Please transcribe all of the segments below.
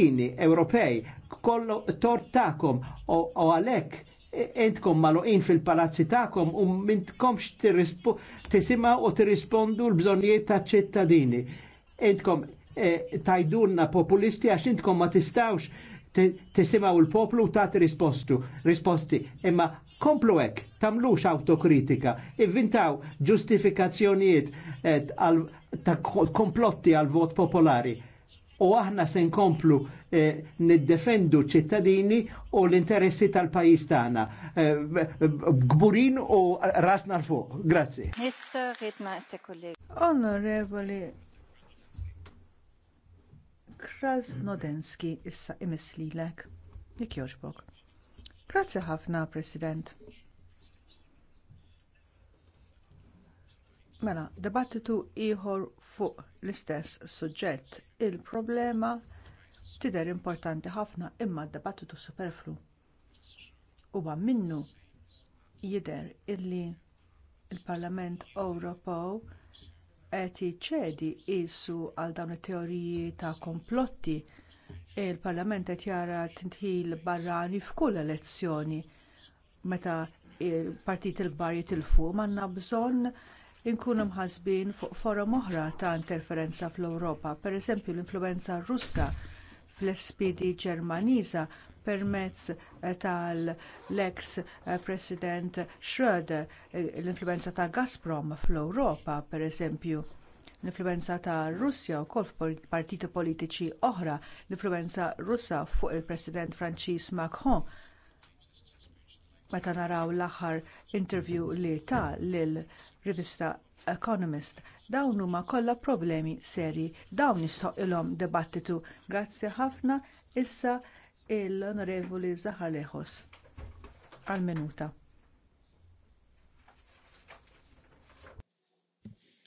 ċittadini Ewropej kollu tort takom u għalek e, entkom maluqin fil-palazzi takom u mintkomx tisima u tirrispondu l-bżonijiet ta' ċittadini. Entkom e, tajdunna populisti għax entkom ma tistawx tisimaw il-poplu ta' rispostu, risposti, imma komplu hekk, tamlux autokritika, ivvintaw ġustifikazzjonijiet e, ta' komplotti għal vot popolari u aħna se nkomplu eh, niddefendu ċittadini u l-interessi tal-pajis tagħna. Eh, gburin eh, u rasna l-fuq. Grazzi. Mr. Ritna, kollega. Onorevoli Krasnodenski issa imislilek. Nik joġbok. Grazzi ħafna, President. Mela, debattitu ieħor fuq l-istess suġġett. Il-problema tidher importanti ħafna imma d-dibattitu superflu. Huwa minnu jidher illi l il parlament Ewropew qed jiċċedi qisu għal dawn it-teoriji ta' komplotti il-Parlament qed jara tintħil barrani f'kull elezzjoni meta l partit il-kbar jitilfu m'għandna bżonn inkunu mħasbin fuq forom oħra ta' interferenza fl-Ewropa, pereżempju l influenza Russa fl-SPD Ġermaniża permezz eh, tal-ex eh, President Schröder, eh, l influenza ta' Gazprom fl-Ewropa, pereżempju l influenza ta' Russja wkoll f'partiti politiċi oħra, l-influwenza Russa fuq il-President Franċiż Macron meta naraw l-aħħar interview li ta' lil rivista Economist. Dawn huma kollha problemi serji. Dawn jistoqilhom dibattitu. Grazzi ħafna issa l-Onorevoli Zahar Lejos għal minuta.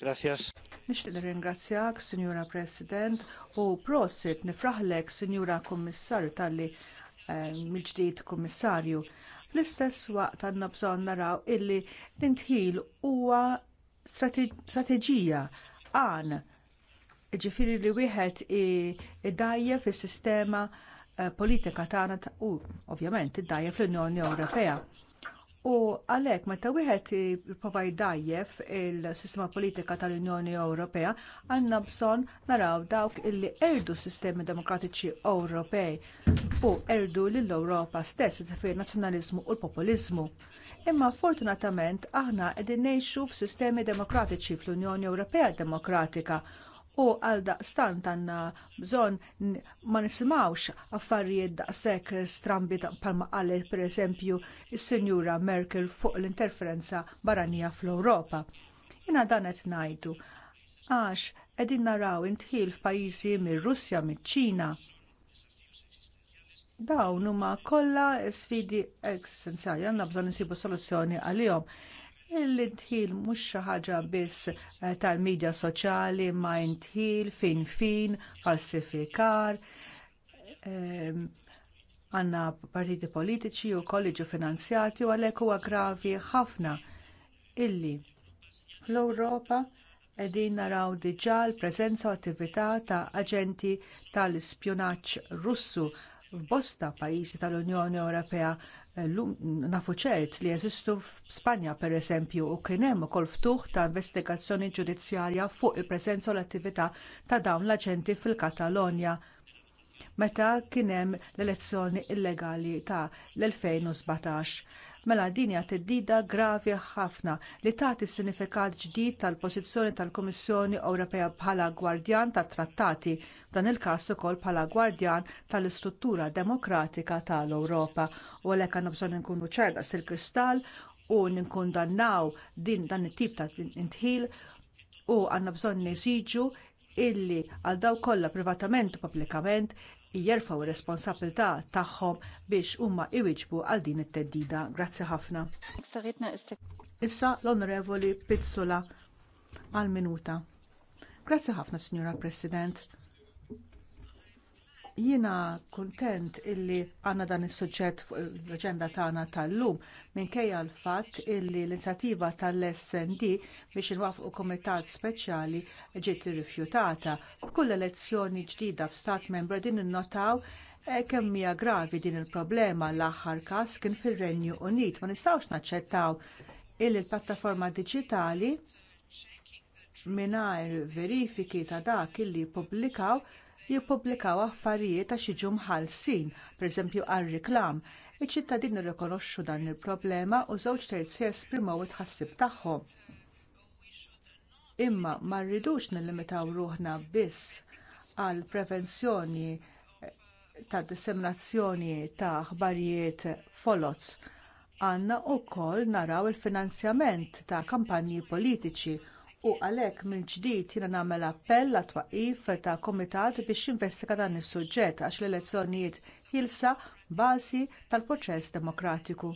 Gracias. Nixtieq nirringrazzjak, Sinjura President, u prosit nifraħlek, Sinjura Kummissarju, talli eh, mill-ġdid Kummissarju. Fl-istess waqt għandna bżonn naraw illi l-intħil huwa strateġija għan ġifiri li wieħed iddajjef fis-sistema eh, politika tagħna u ovvjament iddajjef fl-Unjoni Ewropea. U għalhekk meta wieħed jipprovaj dajjef il-sistema politika tal-Unjoni Ewropea, għandna bżonn naraw dawk illi erdu s-sistemi demokratiċi Ewropej u erdu lill-Ewropa stess fir nazzjonaliżmu u l-populizmu. Imma fortunatament aħna qegħdin ngħixu f'sistemi demokratiċi fl-Unjoni Ewropea Demokratika u għal daqstant għandna bżonn ma nisimgħux affarijiet daqshekk strambi bħalma qalet pereżempju s-Sinjura Merkel fuq l-interferenza barranija fl-Ewropa. Jiena dan qed ngħidu għax qegħdin naraw intħil f'pajjiżi mir-Russja miċ-Ċina dawn huma kollha sfidi essenzjali għandna bżonn insibu soluzzjoni għalihom. Il-intħil mhux xi ħaġa biss eh, tal-medja soċjali ma intħil fin fin, falsifikar, ehm, għandna partiti politiċi u kolleġu finanzjati u għalhekk huwa gravi ħafna illi fl-Ewropa qegħdin naraw diġà l-preżenza u attività ta' aġenti tal-ispjunaġġ Russu f'bosta pajjiżi tal-Unjoni Ewropea nafu ċert li jeżistu f'Spanja pereżempju u kien hemm ukoll ftuħ ta' investigazzjoni ġudizzjarja fuq il-preżenza u l-attività ta' dawn l-aġenti fil-Katalonja meta kien hemm l-elezzjoni illegali ta' l-2017. Mela din hija theddida gravi ħafna li tagħti sinifikat ġdid tal-pożizzjoni tal-Kummissjoni Ewropea bħala gwardjan tat-trattati Dan il-każ ukoll bħala gwardjan tal-istruttura demokratika tal-Ewropa u għalhekk għandna bżonn inkunu ċerda sil-kristall u ninkundannaw din dan it-tip ta' intħil u għandna bżonn nesiġu illi għal daw kollha privatament u pubblikament jerfaw ir-responsabilità tagħhom biex huma jwieġbu għal din it-teddida. Grazzi ħafna. Issa l-Onorevoli Pizzola għal minuta. Grazzi ħafna, Signora President. Jiena kuntent illi għandna dan is-suġġett fuq l-aġenda tagħna tal-lum minkejja l-fatt illi l-inizjattiva tal-SND biex inwafqu kumitat speċjali ġiet irrifjutata. B'kull elezzjoni ġdida f'stat membru din innotaw eh, kemm hija gravi din il-problema l-aħħar każ kien fir-Renju Unit. Ma nistgħux naċċettaw illi l pjattaforma diġitali mingħajr verifiki ta' dak illi pubblikaw jippubblikaw affarijiet għax jiġu mħallsin, pereżempju għar-riklam. Iċ-ċittadini rikonoxxu dan il-problema u żewġ terzi esprimaw it-ħassib tagħhom. Imma ma rridux nillimitaw ruħna biss għal prevenzjoni ta' disseminazzjoni ta' aħbarijiet folots għandna wkoll naraw il-finanzjament ta' kampanji politiċi u għalhekk mill-ġdid jiena nagħmel appell għat twaqif ta' kumitat biex jinvestiga dan is-suġġett għax l-elezzjonijiet jilsa bażi tal-proċess demokratiku.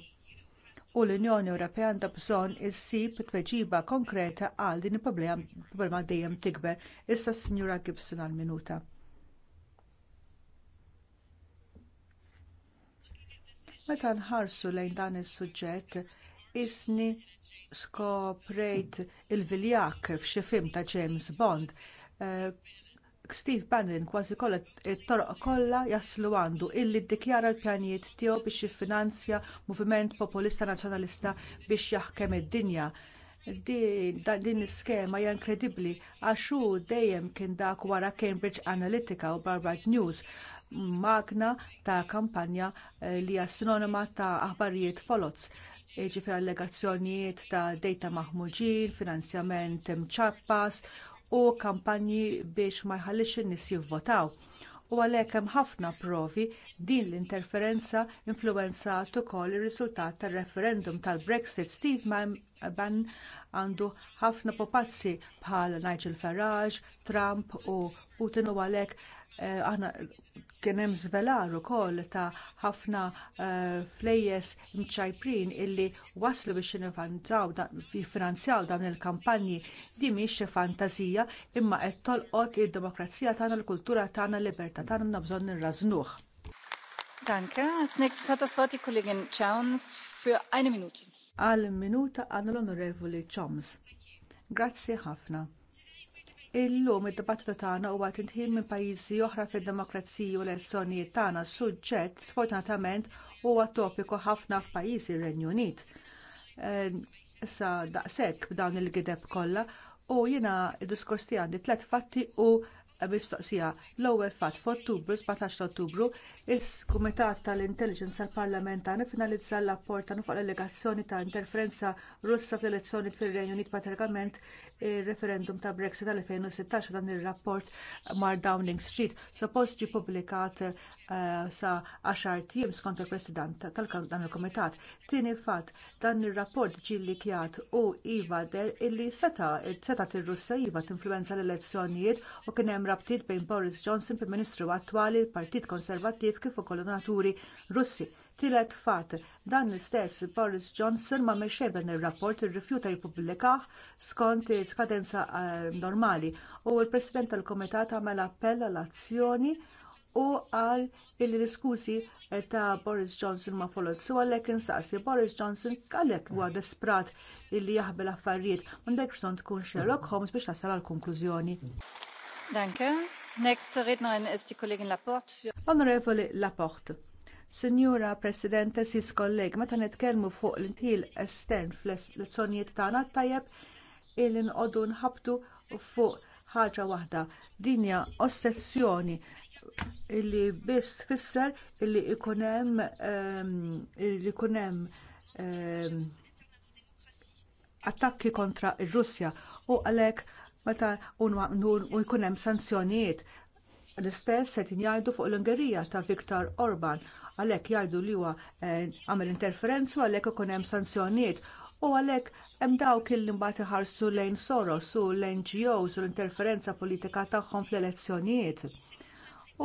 U l-Unjoni Ewropea għandha bżonn issib tweġiba konkreta għal din il-problema dejjem tikber. Issa s-Sinjura Gibson għall minuta Meta nħarsu lejn dan is-suġġett, isni skoprejt il-viljak f'xi film ta' James Bond. Uh, Steve Bannon kważi kollha it-toroq kollha jaslu għandu illi ddikjara l-pjanijiet tiegħu biex jiffinanzja moviment populista nazzjonalista biex jaħkem id-dinja. Din, din l-iskema hija inkredibbli għax hu dejjem kien dak wara Cambridge Analytica u Barbad News magna ta' kampanja eh, li hija sinonima ta' aħbarijiet folots ġifir allegazzjonijiet ta' dejta maħmuġin, finanzjament mċappas u kampanji biex ma jħallix in-nies jivvotaw. U għalhekk hemm ħafna provi din l-interferenza influwenzat ukoll ir-riżultat tar-referendum tal-Brexit Steve Bannon għandu ħafna popazzi bħal Nigel Farage, Trump u Putin u għalhekk eh, aħna kien hemm żvelar ukoll ta' ħafna uh, flejjes mċajprin illi waslu biex jiffinanzjaw dawn il-kampanji di mhix fantażija imma qed tolqot id-demokrazija tagħna l-kultura tagħna l-libertà tagħna bżonn nirrażnuh. Danke. Als nächstes hat das Wort die Kollegin Jones für eine Minute. Għal minuta għan l-Onorevoli Jones. Grazzi ħafna. Illum id-dibattitu tagħna huwa tintħin minn pajjiżi oħra fid-demokrazija u l-elezzjonijiet tagħna suġġett sfortunatament huwa topiku ħafna f'pajjiżi r renju Unit. Eh, issa daqshekk b'dawn il-gideb kollha u jiena d-diskors tiegħi għandi tliet fatti u mistoqsija l-ewwel fatt f'Ottubru 17 Ottubru is-Kumitat tal-Intelligence tal-Parlamentani finalizza l-rapport fuq l-allegazzjoni ta' interferenza Russa fl-elezzjoni fir-Renju Unit patrikament ir-referendum ta' Brexit tal-2016 dan ir-rapport mar Downing Street suppost ġie publikat eh, sa 10 tim skont il-President tal-dan il-Kumitat. Tieni fatt dan ir-rapport ġie kjat u iva der illi seta' seta' tir-Russa iva tinfluwenza l-elezzjonijiet u kien hemm rabtiet bejn Boris Johnson, Prim Ministru attwali, l partit Konservattiv kif ukoll donaturi Russi. Tielet fatt dan l-istess Boris Johnson ma mexxej dan ir-rapport irrifjuta jippubblikah skont skadenza eh, normali u l-President tal-Kumitat għamel appell għal azzjoni u qal il-diskusi eh, ta' Boris Johnson ma folot su għalhekk insaqsi Boris Johnson għalhekk huwa desprat illi jaħbel affarijiet m'għandekx bżonn tkun Sherlock Holmes biex tasal għall konklużjoni. Danke. Next rednerin is die Kollegin Laporte. Für... Laporte. Sinjura Presidente, sis kolleg, meta nitkellmu fuq l-intil estern fl-lezzjonijiet tagħna tajjeb il nqogħdu nħabtu fuq ħaġa waħda. Dinja ossessjoni illi biss tfisser illi ikun hemm ehm, illi ikun hemm ehm, attakki kontra r-Russja u għalhekk meta u jkun hemm sanzjonijiet l-istess qed jgħidu fuq l-Ungerija ta' Viktor Orban għalhekk jgħidu li huwa eh, għamel interferenza u għalhekk ikun hemm sanzjonijiet u għalhekk hemm dawk li mbagħad iħarsu lejn Soros u l-NGOs u l-interferenza politika tagħhom fl-elezzjonijiet.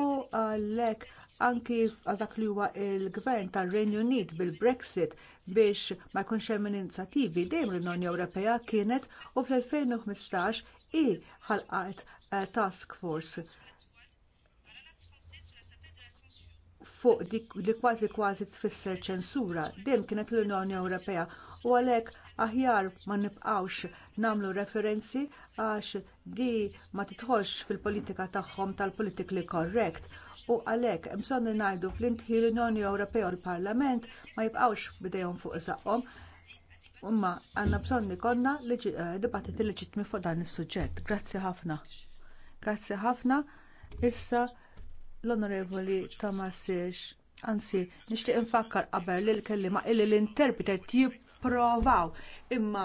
U għalhekk anki dak li huwa l gvern tar-Renju Unit bil-Brexit biex ma jkunx hemm inizjattivi dejjem l-Unjoni Ewropea kienet u fl-2015 i ħalqat eh, task force fuq dik li kważi kważi tfisser ċensura dejjem kienet l-Unjoni Ewropea u għalhekk aħjar ma nibqgħux nagħmlu referenzi għax di ma titħolx fil-politika tagħhom tal-politically correct u għalhekk hemm bżonn ngħidu fl-intħil l-Unjoni Ewropea u l-Parlament ma jibqgħux bidejhom fuq saqhom Umma għandna bżonn ikollna eh, dibattiti leġittmi fuq dan is-suġġett. Grazzi ħafna. Grazzi ħafna. Issa l-Onorevoli Tamasiex Anzi, nixtieq infakkar qabel li l-kellima illi l-interpretet jipprovaw imma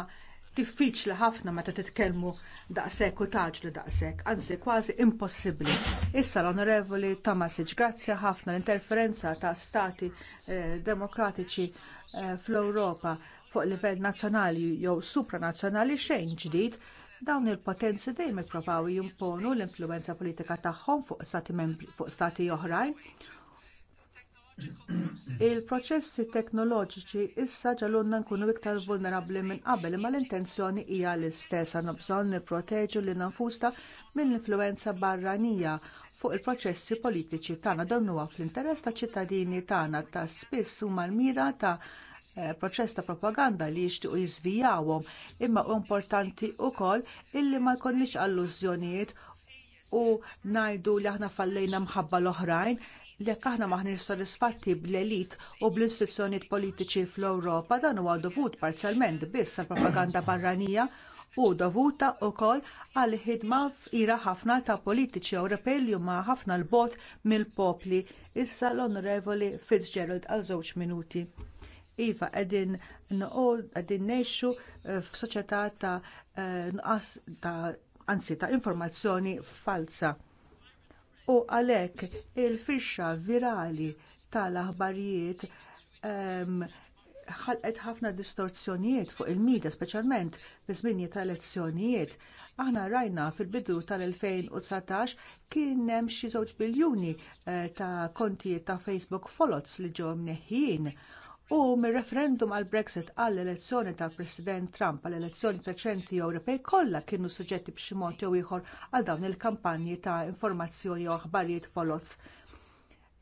diffiċli ħafna meta titkellmu daqshekk u taġlu daqshekk, anzi kważi impossibbli. Issa l-Onorevoli Tomasic, grazzi ħafna l-interferenza ta' stati eh, demokratiċi eh, fl-Ewropa fuq livell nazzjonali jew supranazzjonali xejn ġdid, dawn il-potenzi dejjem ippruvaw jimponu l-influenza politika tagħhom fuq stati membri fuq stati oħrajn. Il-proċessi teknoloġiċi issa ġalunna nkunu iktar vulnerabbli minn qabel imma l-intenzjoni hija l-istess għandna bżonn nipproteġu lil nfusna mill-influenza barranija fuq il-proċessi politiċi tagħna dan huwa fl-interess ta' ċittadini tagħna ta' spiss huma l-mira ta' Eh, proċess ta' propaganda li jixtiequ jiżvijawhom, imma u importanti wkoll illi ma jkollniex allużjonijiet u ngħidu li aħna fallejna mħabba l-oħrajn li jekk aħna maħniex sodisfatti bl-elit u bl-istituzzjonijiet politiċi fl-Ewropa dan huwa dovut parzjalment biss għall propaganda barranija u dovuta wkoll għall ħidma f'ira ħafna ta' politiċi Ewropej li huma ħafna l-bot mill-popli. Issa l-Onorevoli Fitzgerald għal żewġ minuti. Iva, qegħdin qegħdin ngħixu eh, f'soċjetà ta' eh, ta' anzi ta' informazzjoni falsa. U għalhekk il-firxa virali tal-aħbarijiet ehm, ħalqet ħafna distorzjonijiet fuq il midja speċjalment fi żminijiet ta' elezzjonijiet. Aħna rajna fil-bidu tal-2019 kien hemm xi żewġ biljuni eh, ta' kontijiet ta' Facebook Folots li ġew mneħħin U mir-referendum għall Brexit għall elezzjoni tal-President Trump għall elezzjoni preċenti Ewropej kollha kienu suġġetti b'xi mod jew ieħor għal dawn il-kampanji ta' informazzjoni u aħbarijiet folots.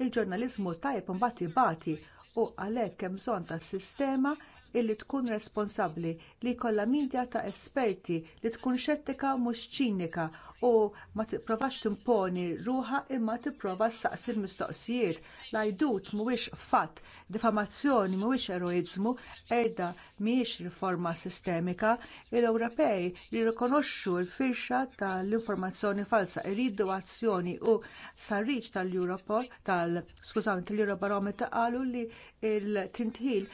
Il-ġurnaliżmu tajjeb imbagħad bati u għalhekk hemm bżonn ta' sistema illi tkun responsabbli li jkollha midja ta' esperti li tkun xettika mhux ċinika u ma tipprovax timponi ruħa imma tipprova saqsi l-mistoqsijiet. Lajdut mhuwiex fatt, diffamazzjoni mhuwiex eroiżmu, erda mhijiex riforma sistemika, il-Ewropej jirrikonoxxu l-firxa tal-informazzjoni falsa iridu azzjoni u sarriċ tal-Europol tal-skużawni tal-Eurobarometer qalu li l tintħil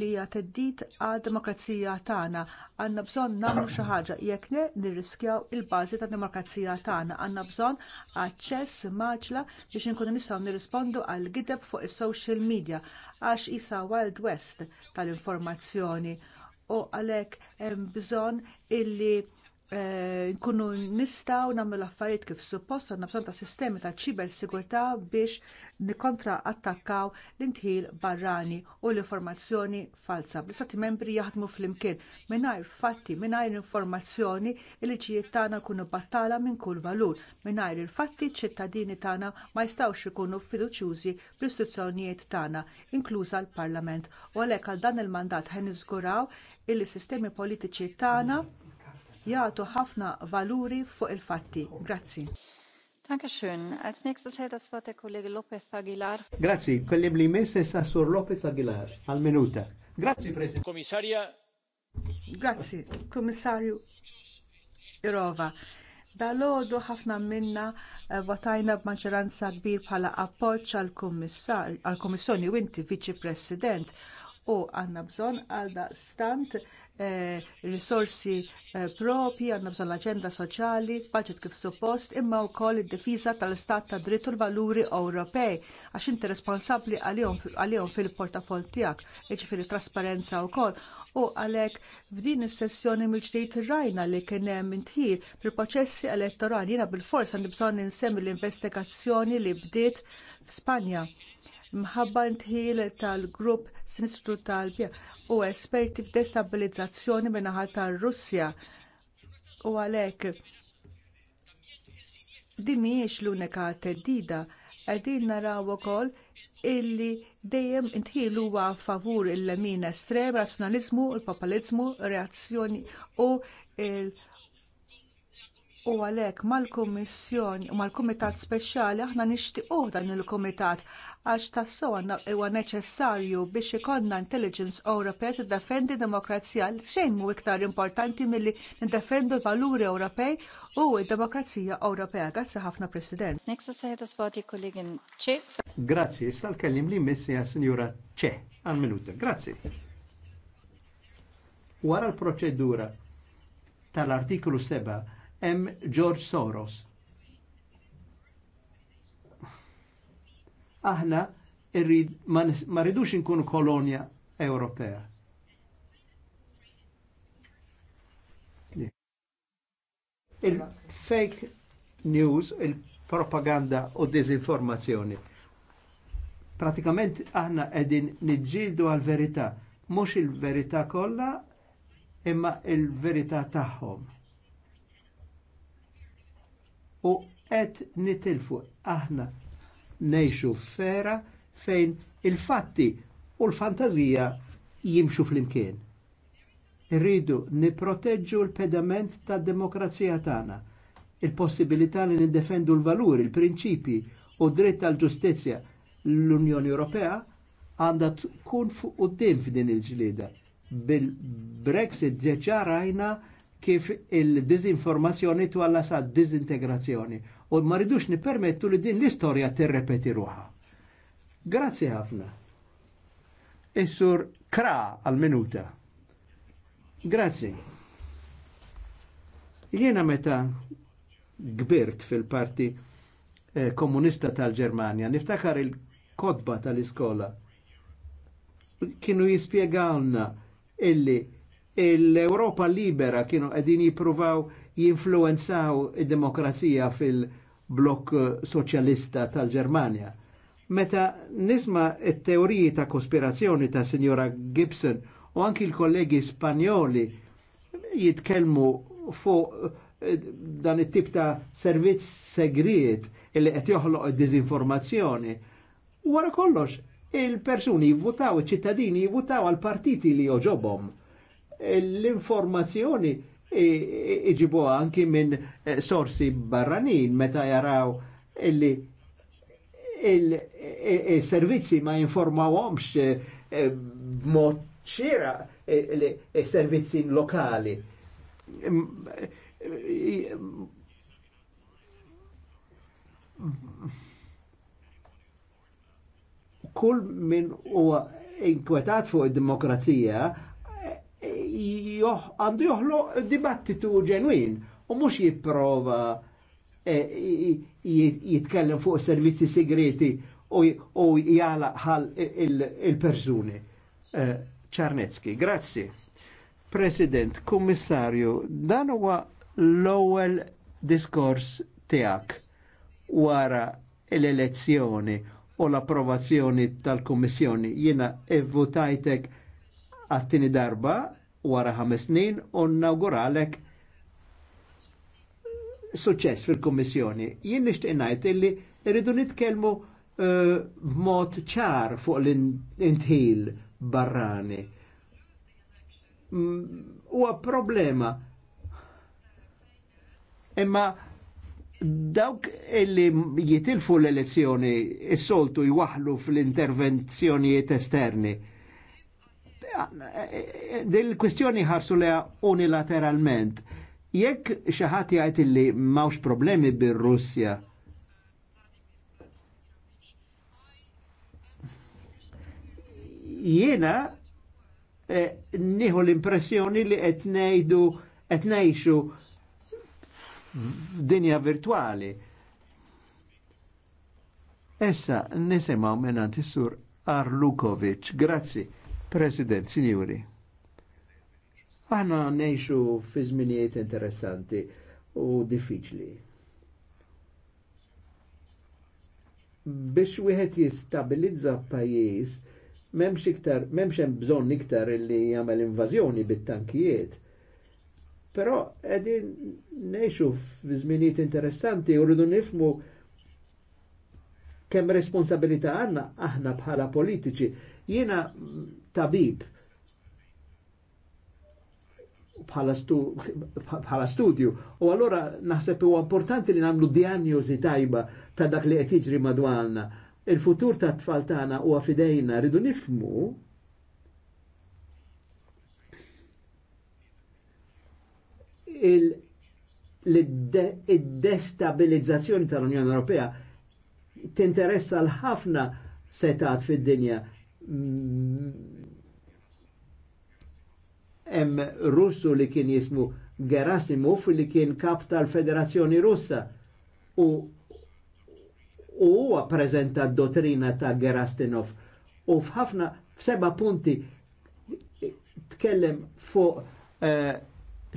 li hija teddid għad demokrazija tagħna. Għandna bżonn nagħmlu xi ħaġa jekk nirriskjaw il-bażi tad-demokrazija tagħna. Għandna bżonn aċċess maġla biex inkunu nistgħu nirrispondu għal gideb fuq is-social media għax isa Wild West tal-informazzjoni u għalhekk hemm bżonn illi Eh, nkunu nistgħu nagħmlu l-affarijiet kif suppost għandna bżonn ta' sistemi ta' ċiber sigurtà biex nikontra attakkaw l-intħil barrani u l-informazzjoni falsa. Bl-istati membri jaħdmu flimkien mingħajr fatti, mingħajr informazzjoni il-liġijiet tagħna jkunu battala minn kull valur. Mingħajr il-fatti ċittadini tagħna ma jistgħux ikunu fiduċjużi bl-istituzzjonijiet tagħna, inkluża l-Parlament. U għalhekk għal dan il-mandat ħen niżguraw il-sistemi politiċi tagħna jagħtu ħafna valuri fuq il-fatti. Grazzi. Dankeschön. Als nächstes hält das Wort der Kollege López Aguilar. Grazie. Kellim li mess issa sur López Aguilar Al minuta. Grazie President. Komissarja. Grazie, Kommissarju Irova. Dalodu ħafna minna eh, votajna b'maġġoranza kbir bħala appoġġ għall kummissjoni u inti Viċi President u għandna bżonn għal stant eh, risorsi eh, propi, għandna bżonn l-aġenda soċjali, budget kif suppost, imma wkoll id-difiża tal-istat ta' dritt u l-valuri Ewropej għax inti responsabbli għalihom fil-portafol tiegħek, jiġifieri trasparenza wkoll u għalhekk f'din is-sessjoni mill-ġdid rajna li kien hemm intħir fil-proċessi elettorali jiena bil għandi bżonn insemmi l-investigazzjoni li bdiet f'Spanja mħabba ntħil tal-grupp sinistru tal-pja u esperti f'destabilizzazzjoni min-naħa tar-Russja. U għalhekk din mhijiex l-unika theddida qegħdin naraw ukoll illi dejjem intħil huwa favur il-lemin estrem, razzjonaliżmu, il-populizmu, reazzjoni u il- U għalhekk mal-Kummissjoni u mal-Kumitat Speċjali aħna nixtiequ dan il-Kumitat għax tassew huwa neċessarju biex ikollna intelligence Ewropea tiddefendi demokrazija li xejn mhu iktar importanti milli niddefendu l-valuri Ewropej u d-demokrazija Ewropea. Grazzi ħafna President. Kollegin Grazzi, issa kellim li għas Sinjura Che għal minuta. Grazzi. Wara l-proċedura tal-artiklu 7 hemm George Soros. Aħna irrid ma ridux inkunu kolonja Ewropea. Il-fake news, il-propaganda u dezinformazzjoni. Pratikament aħna edin nġildu għal-verità, mux il-verità kolla, imma il-verità tagħhom u qed nitilfu aħna nejxu fera fejn il-fatti u l-fantazija jimxu fl-imkien. Irridu niproteġġu l-pedament tad demokrazija tagħna, il-possibilità li nindefendu l-valuri, il-prinċipi u dritt tal ġustizzja l-Unjoni Ewropea għandha tkun fuq quddiem f'din il-ġlieda. Bil-Brexit ġeġa rajna kif il-dizinformazzjoni twalla sa' dizintegrazzjoni. U ma rridux nipermettu li din l-istorja terrepeti ruħa. Grazzi ħafna. Issur kra għal-minuta. Grazzi. Jiena meta gbirt fil-parti eh, komunista tal-Germania, niftakar il-kodba tal-iskola. Kienu jispiegawna illi l-Europa libera kienu qegħdin jippruvaw jinfluenzaw id-demokrazija fil-blok soċjalista tal-Ġermanja. Meta nisma it-teoriji ta' kospirazzjoni ta' Signora Gibson u anki l-kollegi Spanjoli jitkellmu fuq eh, dan it-tip ta' servizz segret illi qed joħloq id dizinformazzjoni Wara kollox, il-persuni jivvutaw, il ċittadini jivvutaw għal partiti li joġobhom l-informazzjoni iġibu anki minn eh, sorsi barranin meta jaraw illi il-servizzi ma jinformawhomx eh, eh, b'mod ċira il-servizzi lokali. Kull minn huwa inkwetat fuq id-demokrazija għandu joħlo dibattitu ġenwin u mux jipprova eh, jitkellem fuq servizzi segreti u jala ħal il-persuni. Eh, Czarnecki, grazzi. President, Kummissarju, dan huwa l-ewwel diskors tiegħek wara l-elezzjoni u l-approvazzjoni tal-Kummissjoni. Jiena evvutajtek votajtek għattini darba wara ħames snin u nawguralek suċess fil-Kommissjoni. Jien nixtieq ngħid illi rridu nitkellmu eh, b'mod ċar fuq l-intħil barrani. Mm, huwa problema. Imma dawk illi jitilfu l-elezzjoni is-soltu jwaħlu fl-intervenzjonijiet esterni dil-kwistjoni ħarsu leha unilateralment. Jekk xi ħadd jgħid li m'hawnx problemi bir-Russja, jiena eh, nieħu l-impressjoni li qed ngħidu qed ngħixu dinja virtuali. Essa nisimgħu minn is-sur Arlukovic. Grazzi. President, signori. aħna nejxu fi żminijiet interessanti u diffiċli. Biex wieħed jistabilizza pajjiż m'hemmx iktar m'hemmx hemm bżonn iktar li jagħmel invażjoni bit-tankijiet. Però qegħdin ngħixu fi żminijiet interessanti u rridu nifmu kemm responsabilità għandna aħna bħala politiċi. Jiena tabib bħala studju. U allora naħseb u importanti li nagħmlu diagnosi tajba ta' dak li qed jiġri madwalna. Il-futur ta' tfal tagħna huwa fidejna rridu nifmu il-destabilizzazzjoni tal-Unjoni Ewropea tinteressa l-ħafna setat fid-dinja hemm Russu li kien jismu Gerasimov li kien kap tal-Federazzjoni Russa u u huwa preżenta d-dottrina ta' Gerastinov u f'ħafna f'seba punti tkellem fuq uh,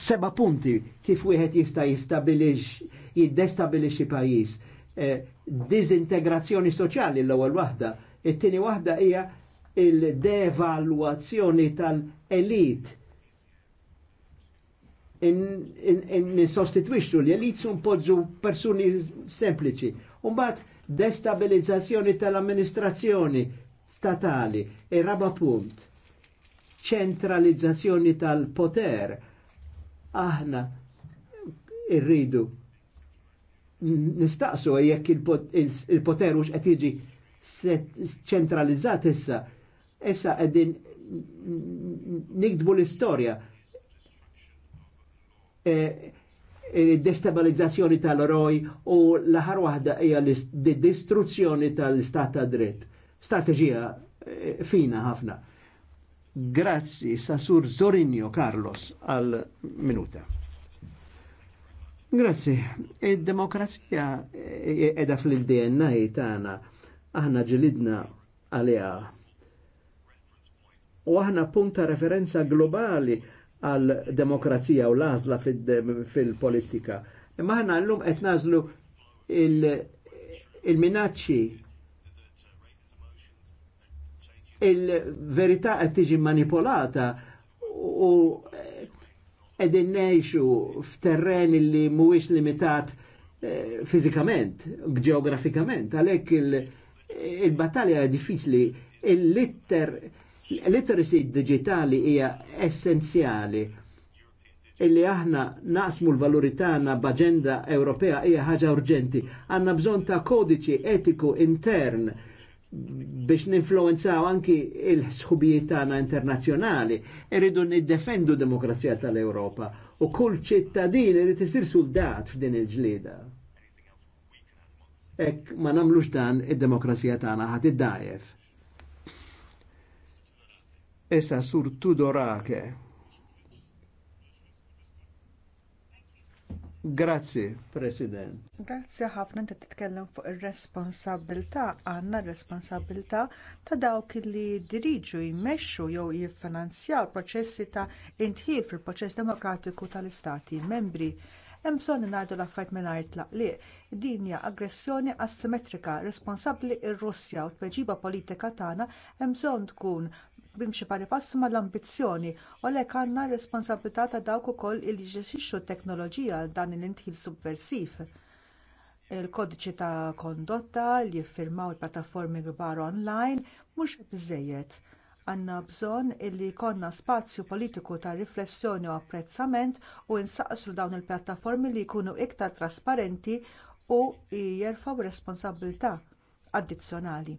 seba punti kif wieħed jista' jistabilix jiddestabilixxi pajjiż. Eh, dizintegrazzjoni soċjali l-ewwel waħda, it-tieni waħda hija il-devalwazzjoni tal-elit n-sostitwixxu li li jitsun podġu persuni sempliċi. Umbat destabilizzazzjoni tal-amministrazzjoni statali e raba punt ċentralizzazzjoni tal-poter aħna irridu nistaqsu jekk il-poter ux qed jiġi ċentralizzat issa issa qegħdin nikdbu l-istorja Eh, eh, destabilizzazzjoni tal-eroj u l-aħar waħda hija l-distruzzjoni tal-istat ta' dritt. Strateġija eh, fina ħafna. Grazzi, Sassur Zorinjo Carlos, għal minuta. Grazzi, il demokrazija edha fil-DNA jitana, aħna ġilidna għalija. U aħna punta referenza globali għal demokrazija u lażla fil-politika. Imma ħana l-lum qed nażlu il-minacċi il-verità qed tiġi manipolata u qegħdin ngħixu f'terren li mhuwiex limitat eh, fizikament, ġeografikament, għalhekk il-battalja diffiċli, il-litter il Literacy digitali hija essenzjali illi aħna naqsmu l-valuri tagħna b'aġenda Ewropea hija ħaġa urġenti. Għandna bżonn ta' kodiċi etiku intern biex ninfluenzaw anki il-sħubijiet tagħna internazzjonali. Irridu niddefendu demokrazija tal-Ewropa u kull ċittadin irid isir suldat f'din il-ġlieda. Ek ma namlux dan id-demokrazija tagħna ħadd iddajef. Issa sur Tudorake. Grazzi, President. Grazzi ħafna inti titkellem fuq ir-responsabilità, għandna responsabilità ta' dawk li diriġu jmexxu jew jiffinanzjaw proċessi ta' intħil fil-proċess demokratiku tal-istati membri hemm bżonn ngħidu l-affarijiet mingħajr tlaqliq. Din hija aggressjoni asimetrika responsabbli r russja u t-tweġiba politika tagħna hemm bżonn tkun bimxi pari passu mal ambizzjoni u għalhekk għandna r responsabilità ta' dawk ukoll li jġexxixxu t-teknoloġija dan il intħil subversiv il-kodiċi ta' kondotta li jiffirmaw il-plattaformi kbar online mhux biżżejjed għandna bżonn illi jkollna spazju politiku ta' riflessjoni u apprezzament u nsaqsru dawn il-pjattaformi li jkunu iktar trasparenti u jerfgħu responsabilità addizzjonali.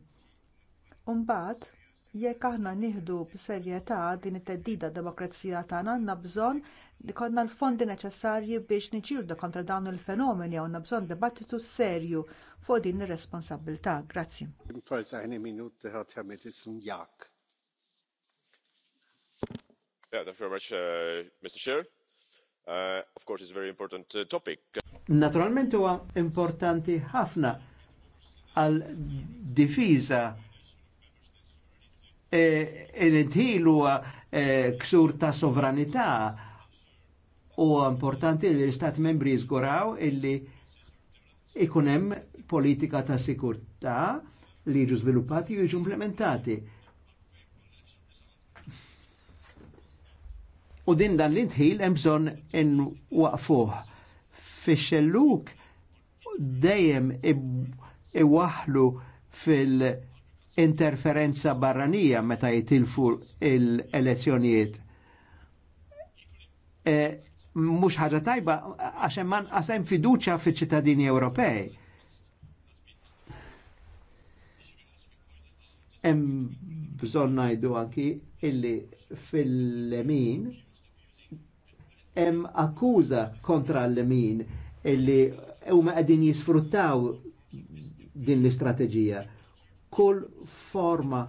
Imbagħad jekk aħna nieħdu b'serjetà din it-teddida demokrazija tagħna għandna bżonn li konna l-fondi neċessarji biex niġġieldu kontra dawn il-fenomeni għandna bżonn dibattitu serju fuq din ir-responsabbiltà. Grazzi. Naturalment huwa importanti ħafna għal difiża E, e il-dħil e, ksur ta' sovranità u importanti li l-Istat membri jizguraw illi ikunem politika ta' sikurtà li jiġu sviluppati u jiġu implementati. U din dan l-intħil hemm in waqfuh. Fisċelluk xelluk dejjem iwaħlu fil- interferenza barranija meta jitilfu l-elezzjonijiet. E, mux ħaġa tajba għax man għasem fiduċa fi ċittadini Ewropej. Hemm bżonn ngħidu anki illi fil-lemin hemm akkuża kontra l-lemin illi huma qegħdin jisfruttaw din l-istrateġija kull forma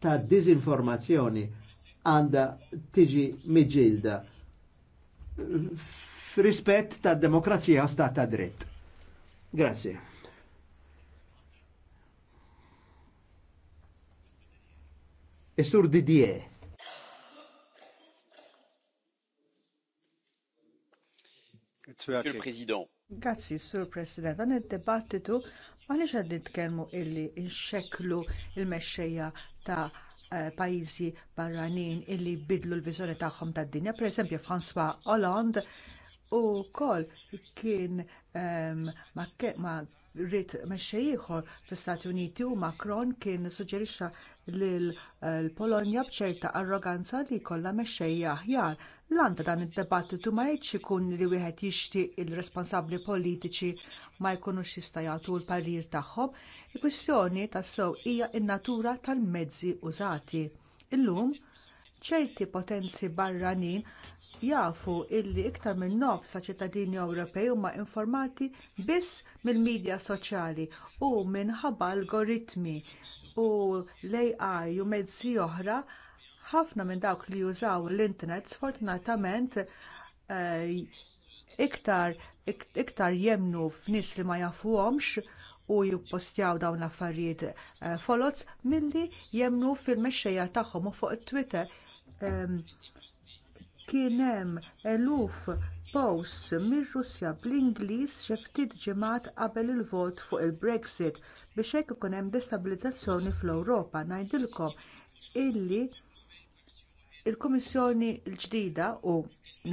ta' dizinformazzjoni għanda tiġi miġilda f'rispett ta' demokrazija u stat ta' dritt. Grazie. Esur Didier. Monsieur le Président. Grazie, Sir President. Dan il-debattitu Għaliex qed nitkellmu illi nxekklu l mexxejja ta' eh, pajjiżi barranin illi jbiddlu l-viżjoni tagħhom tad-dinja, pereżempju François Hollande ukoll kien ehm, ma' rrit ieħor fl istati Uniti u Macron kien suġġerixxa lill-Polonja eh, bċerta arroganza li jkollha mexxejja aħjar. L ta' dan id-debattitu ma jgħidx ikun li wieħed jixtieq il-responsabbli politiċi ma jkunux jista' jagħtu l-parir tagħhom. Il-kwistjoni tas-sew hija n-natura tal-mezzi użati. Illum ċerti potenzi barranin jafu illi iktar minn nofs sa ċittadini Ewropej huma informati biss mill-midja soċjali u minħabba algoritmi u l-AI u mezzi oħra ħafna minn dawk li jużaw l-internet sfortunatament eh, iktar iktar jemnu f'nies li ma jafuhomx u jippostjaw dawn l-affarijiet eh, folots milli jemnu fil-mexxejja tagħhom u fuq Twitter kien hemm eluf posts mir-Russja bl-Ingliż xi ftit ġimgħat qabel il-vot fuq il-Brexit biex hekk ikun hemm destabilizzazzjoni fl-Ewropa. Ngħidilkom illi l kummissjoni l-ġdida u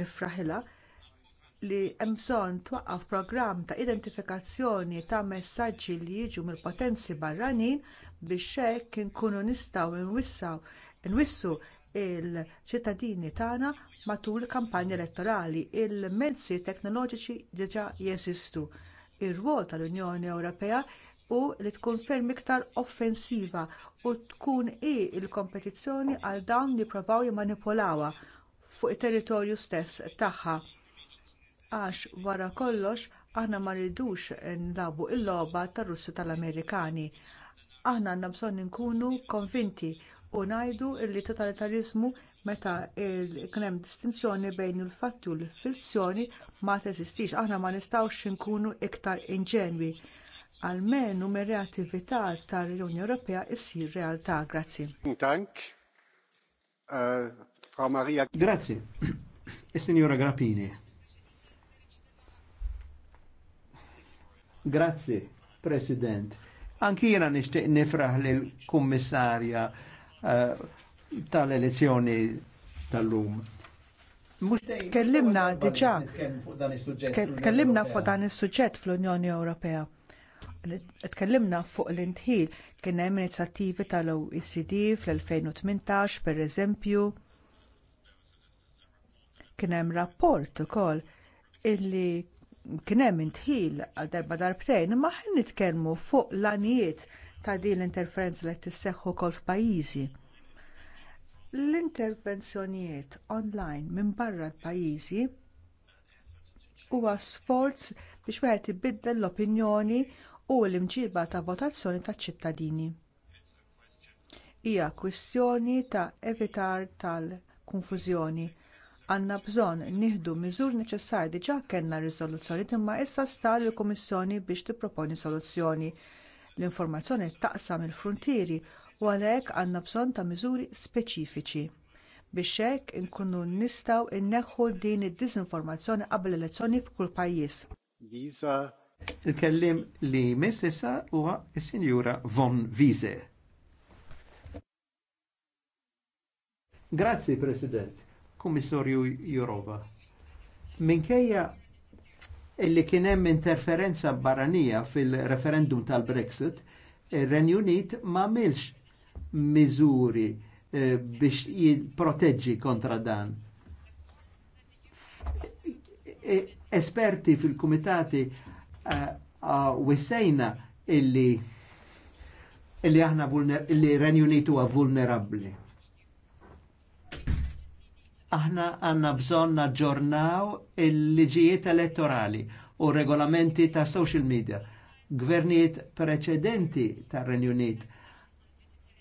nifraħilha li hemm bżonn twaqqaf programm ta' identifikazzjoni ta' messaġġi li jiġu mill-potenzi barranin biex hekk inkunu nistgħu nwissu l ċittadini tagħna matul kampanja elettorali. Il-mezzi teknoloġiċi diġà jeżistu. Ir-rwol tal-Unjoni Ewropea u li tkun ferm iktar offensiva u tkun hi l kompetizzjoni għal dawn li jippruvaw jimmanipulawha fuq it-territorju stess tagħha. Għax wara kollox aħna ma rridux nlabu l logħba tar-Russi tal-Amerikani. Aħna għandna bżonn inkunu konvinti u ngħidu li t totalitarjiżmu meta kien hemm distinzjoni bejn il-fatti u l-fizzjoni ma teżistix. Aħna ma nistgħux inkunu iktar inġenwi. Għalmen mir-reattività tal-Unjoni Ewropea issir realtà. Grazzi. Tank. Eh, Frau Maria. Grazzi. E is Grappini. Grazzi, President. Anki jiena nixtieq nifraħ lill kummissarja eh, tal-elezzjoni tal-lum. Kellimna diġà. Kellimna fuq dan is-suġġett fl-Unjoni Ewropea tkellimna fuq l-intħil kien hemm inizjattivi tal-OECD fl-2018 pereżempju kien hemm rapport ukoll illi kien hemm intħil għal darba darbtejn imma ħin nitkellmu fuq l-anijiet ta' din l-interferenza li tisseħħu wkoll f'pajjiżi. L-intervenzjonijiet online minn barra l-pajjiżi huwa sforz biex wieħed ibiddel l-opinjoni u l-imġiba ta' votazzjoni taċ ċittadini. Hija kwistjoni ta' evitar tal-konfużjoni. Għandna bżonn nieħdu miżur neċessarji diġà kellna riżoluzzjoni imma issa stal il kummissjoni biex tipproponi soluzzjoni. L-informazzjoni taqsam il-fruntieri u għalhekk għandna bżonn ta' miżuri speċifiċi biex hekk inkunu nistgħu inneħħu din id-diżinformazzjoni qabel l-elezzjoni f'kull pajjiż. Il-kellim li miss issa huwa is-Sinjura Von Wiese. Grazzi, President, Kummissorju Jurova. Minkejja illi kien hemm interferenza barranija fil-referendum tal-Brexit, ir-Renju Unit milx miżuri eh, biex jipproteġġi kontra dan. E-, esperti fil-kumitati Eh, ah, wissejna illi illi aħna illi Renjunitu għa vulnerabli. Aħna għanna bżonna ġornaw il-liġijiet elettorali u regolamenti ta' social media. Gvernijiet preċedenti ta' Renjunit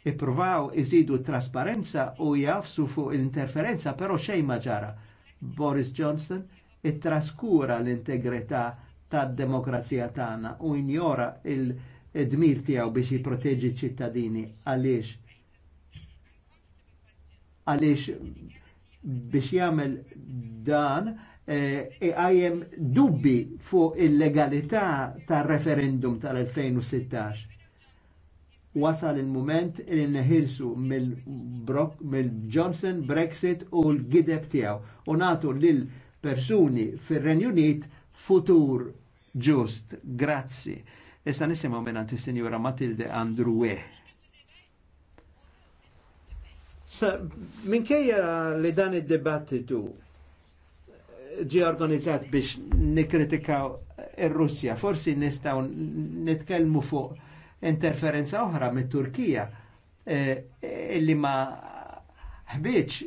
ippruvaw iżidu trasparenza u jafsu fuq interferenza, pero xej maġara. Boris Johnson it-traskura l-integrità tad-demokrazija tagħna u injora il-dmir tiegħu biex jipproteġi ċ-ċittadini għaliex għaliex biex jagħmel dan e, eh, għajem dubbi fuq il-legalità tar-referendum tal-2016. Wasal il-moment li neħilsu mill-Johnson, mil Brexit u l-gideb tiegħu u natu lil persuni fir-Renju Unit futur ġust, grazzi. Issa nisimaw minnant il-Sinjura Matilde Andruwe. Sa, minkejja li dan id debattitu ġi organizzat biex nikritikaw il-Russja, forsi nistaw nitkelmu fuq interferenza oħra mit turkija eh, illi ma ħbieċ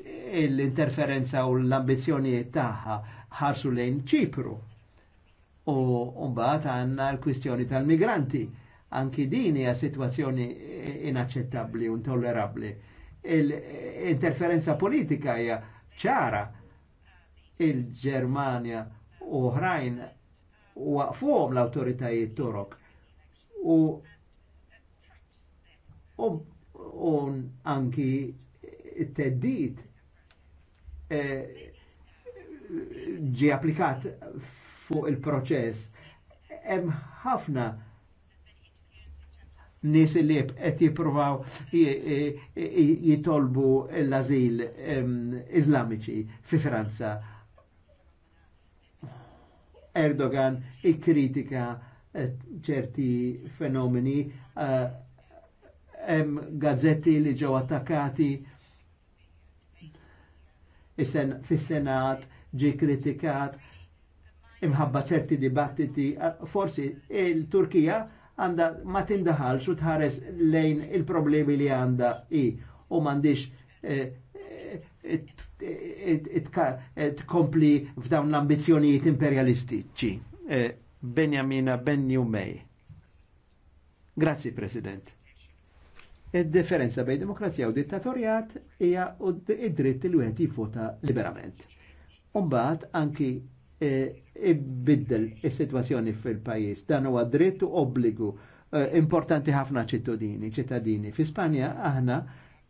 l-interferenza u l ambizjoni taħħa ħarsu lejn ċipru U mbagħad għandna l-kwistjoni tal-migranti. Anki din hija sitwazzjoni inaċċettabbli u intollerabbli. Il-interferenza politika hija ċara il-Ġermanja u oħrajn waqfuhom l-awtoritajiet Turok. u u, u anki t-teddit eh, ġi applikat fuq il-proċess. Hemm ħafna nies li qed jippruvaw jitolbu l ażil iżlamiċi fi Franza. Erdogan ikkritika eh, ċerti fenomeni hemm eh, gazzetti li ġew attakkati fis-Senat ġi kritikat imħabba ċerti dibattiti, forsi il-Turkija għanda ma tindaħal u tħares lejn il-problemi li għanda i u mandiġ eh, eh, eh, t-kompli f'dawn l-ambizjonijiet imperialistiċi. Benjamina Benju Mej. Grazzi, President. Id-differenza bej demokrazija u dittatorjat hija id-dritt li wieħed jivvota liberament. Umbagħad anki ibiddel e, e is-sitwazzjoni fil pajis Dan huwa dritt u obbligu e, importanti ħafna ċittadini, ċittadini. Fi Spanja aħna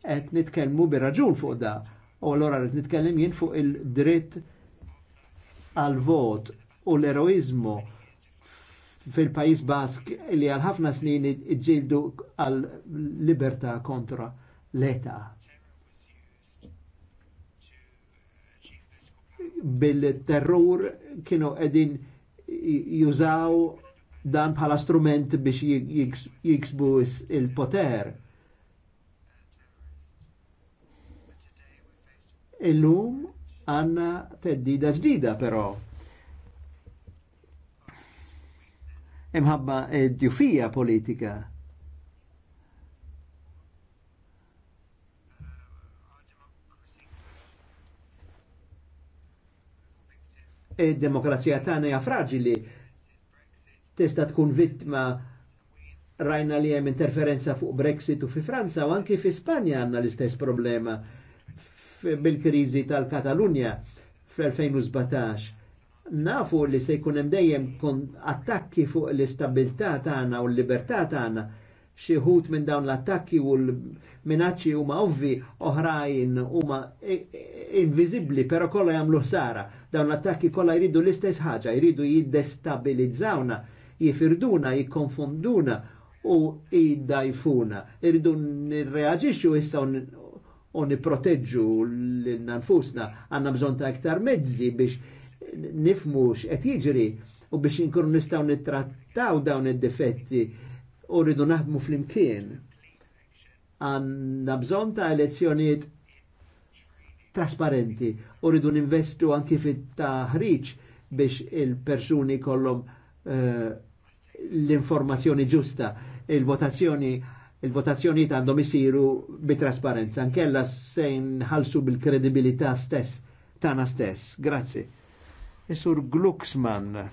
qed nitkellmu bi raġun fuq da. U allora qed nitkellem jien fuq il-dritt għal vot u l-eroizmu fil-pajis Bask li għal ħafna snin iġġildu għal libertà kontra l eta bil-terror kienu edin jużaw dan bħala strument biex jiksbu il-poter. Illum għanna teddida ġdida però. Imħabba id-djufija politika. id-demokrazija tagħna hija fraġili tista' tkun vittma rajna li hemm interferenza fuq Brexit u fi Franza u anki fi Spanja għandna l-istess problema bil-kriżi tal-Katalunja fl-2017. Nafu li se jkun hemm dejjem attakki fuq l-istabilità tagħna u l-libertà tagħna xi ħut minn dawn l-attakki u l-minacċi huma ovvi oħrajn huma invizibbli, però kollha jagħmlu ħsara. Dawn l-attakki kollha jridu l-istess ħaġa, jridu jiddestabilizzawna, jifirduna, jikkonfunduna u jiddajfuna. Irridu nirreaġixxu issa u niproteġġu l-nanfusna għandna bżonn ta' iktar mezzi biex nifmu x'qed jiġri u biex inkunu nistgħu nittrattaw dawn id-difetti u rridu naħdmu fl-imkien. Għanna bżon ta' elezzjoniet trasparenti u rridu ninvestu anki fit taħriġ biex il-persuni kollom uh, l-informazzjoni ġusta. Il-votazzjoni il-votazzjoni għandhom isiru bit-trasparenza, nkella sejn ħalsu bil-kredibilità stess, tana stess. Grazzi. Isur Glucksmann.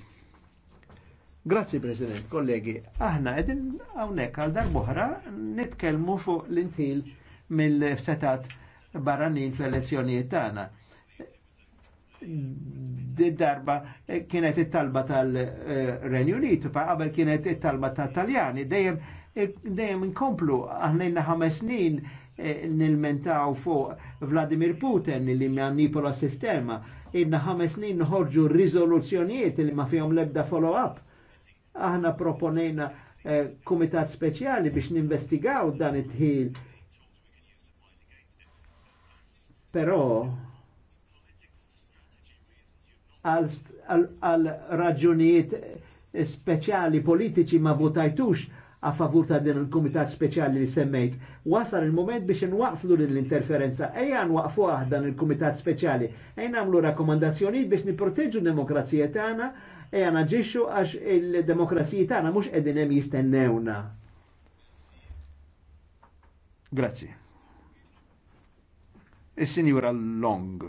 Grazzi President, kollegi, aħna edin għawnek għal darbohra nitkelmu fuq l-intil mill-setat barranin fl-elezzjonijiet tagħna. Darba kienet it-talba tal-Renju Unit, qabel kienet it-talba tal-Taljani, dejjem dejjem inkomplu aħna ħames snin eh, nilmentaw fuq Vladimir Putin li manipola s-sistema. Inna ħames snin nħorġu riżoluzzjonijiet li ma fihom lebda follow-up Aħna proponejna eh, kumitat speċjali biex ninvestigaw dan it-tħil. Però għal raġunijiet eh, speċjali politiċi ma votajtux a favur ta' din il-komitat speċjali li semmejt. Wasal il-moment biex nwaqflu l-interferenza. Ejja nwaqfu dan il-komitat speċjali. Ejja namlu rakkomandazzjonijiet biex niproteġu demokrazija tagħna ejja naġixxu għax il-demokrazija għana mux qegħdin hemm jistennewna. Grazzi. il sinjura e Long.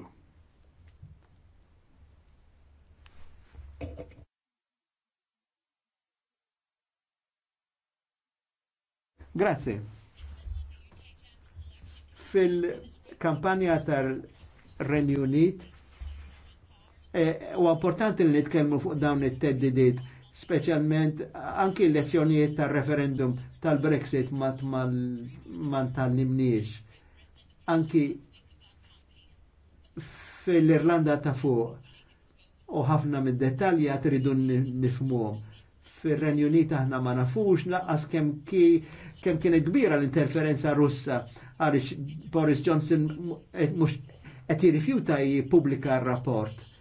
Grazie. Fil-kampanja tal-Renju Unit Eh, u importanti li nitkellmu fuq dawn it-teddidiet, speċjalment anki l-lezzjonijiet tal-referendum tal-Brexit ma tal-nimniex. Anki fil-Irlanda ta' fuq u ħafna mid dettalji għat ridu nifmuhom. Fil-Renju Unit aħna ma nafux naqqas kemm ki, kem kienet kbira l-interferenza russa għaliex Boris Johnson mux eh, qed jirrifjuta jippubblika r-rapport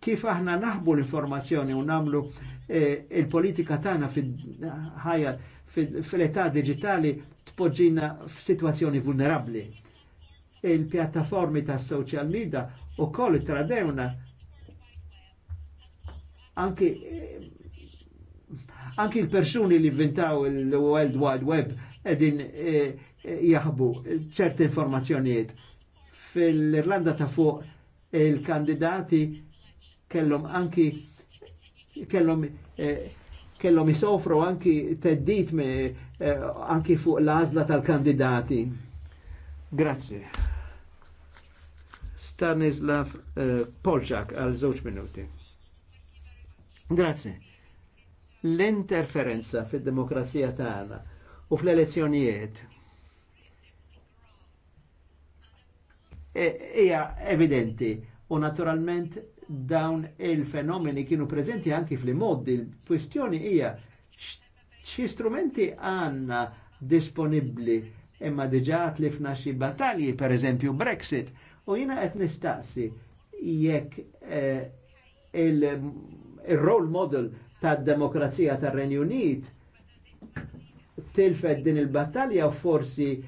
kif aħna naħbu l-informazzjoni u namlu eh, il-politika tagħna fil-ħajja fil-età digitali tpoġġina f'sitwazzjoni vulnerabbli. Il-pjattaformi ta' social media u koll tradewna anki anki l-persuni li inventaw il-World Wide Web edin eh, eh, jaħbu ċerti informazzjonijiet. Fil-Irlanda ta' fuq il-kandidati kellom anki kellom eh, kellom jisofru anki teddit me eh, anki fuq l azla tal-kandidati. Grazie. Stanislav eh, Polczak għal zoċ minuti. Grazie. L-interferenza fid-demokrazija tagħna u fl-elezzjonijiet e, hija evidenti u naturalment dawn il-fenomeni kienu prezenti anki fl immoddi Il-kwestjoni hija xi strumenti għanna disponibli imma diġa tlifna xi battalji, per eżempju Brexit, u jina qed nistaqsi jekk eh, il-role il model tad demokrazija tar renju Unit tilfed din il-battalja u forsi eh,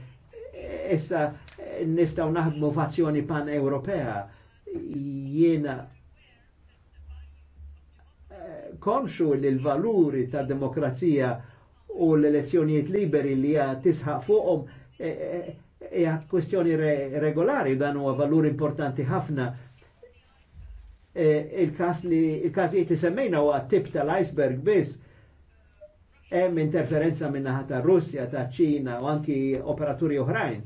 issa eh, nistaw naħdmu fazzjoni pan-Ewropea jiena konxu li l-valuri ta' demokrazija u l-elezzjonijiet liberi li hija tisħaq fuqom hija e, e, e, kwestjoni regolari dan huwa valur importanti ħafna. il kas li il kas li semmejna huwa tip tal-iceberg biss hemm interferenza minnaħa ta' Russja, ta' Ċina u anki operaturi oħrajn.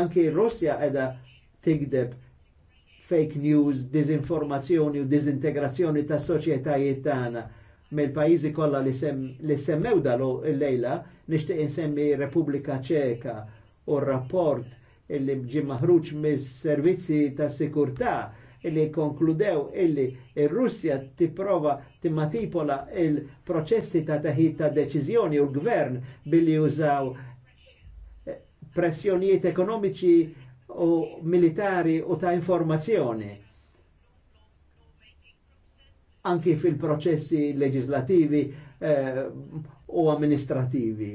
Anki Russja edha tikdeb fake news, dizinformazzjoni u dizintegrazzjoni ta' soċjetajiet tagħna mill-pajjiżi kollha li, sem, li semmew dalu l-lejla nixtieq insemmi Repubblika Ċeka u rapport illi ġi maħruġ mis-servizzi ta' sikurtà illi konkludew illi ir-Russja tipprova timmatipola il-proċessi ta' taħid ta' deċiżjoni u l-gvern billi jużaw pressjonijiet ekonomiċi u militari u ta' informazzjoni. Anki fil-proċessi leġislativi eh, u amministrativi.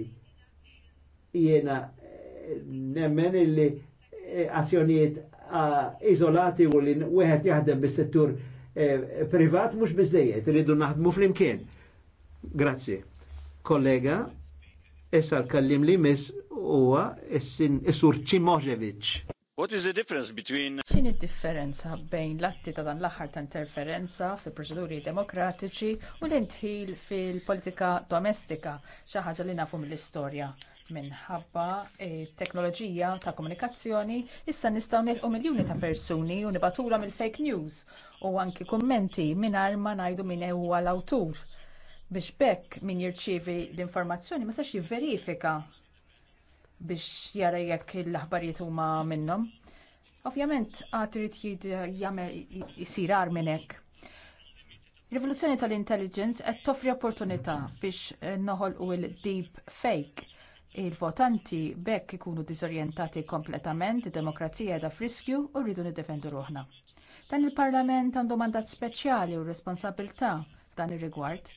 Jena eh, nemmen illi eh, azzjonijiet eh, izolati u li wieħed jaħdem bis-settur eh, privat mhux biżejjed, irridu naħdmu flimkien. Grazzi. Kollega, essa l-kallim li miss huwa is-sur Cimojevic. What is the difference between X'in id-differenza bejn l-atti ta' dan l-aħħar ta' interferenza fi proċeduri demokratiċi u l-intħil fil-politika domestika xi ħaġa li nafu mill-istorja minħabba t eh, teknoloġija ta' komunikazzjoni issa nistgħu nilqu miljuni ta' persuni u nibatura mill fake news u anki kummenti mingħajr ma ngħidu min huwa l-awtur biex bekk min jirċievi l-informazzjoni ma sax jivverifika biex jara jekk l-aħbarijiet huma minnhom. Ovvjament għad irid jagħmel isir għar minn hekk. Rivoluzzjoni tal-intelligence qed toffri opportunità biex noħolqu il-deep fake il-votanti b'hekk ikunu diżorjentati kompletament, id-demokrazija da friskju u rridu niddefendu ruħna. Dan il-Parlament għandu mandat speċjali u responsabilità f'dan ir-rigward.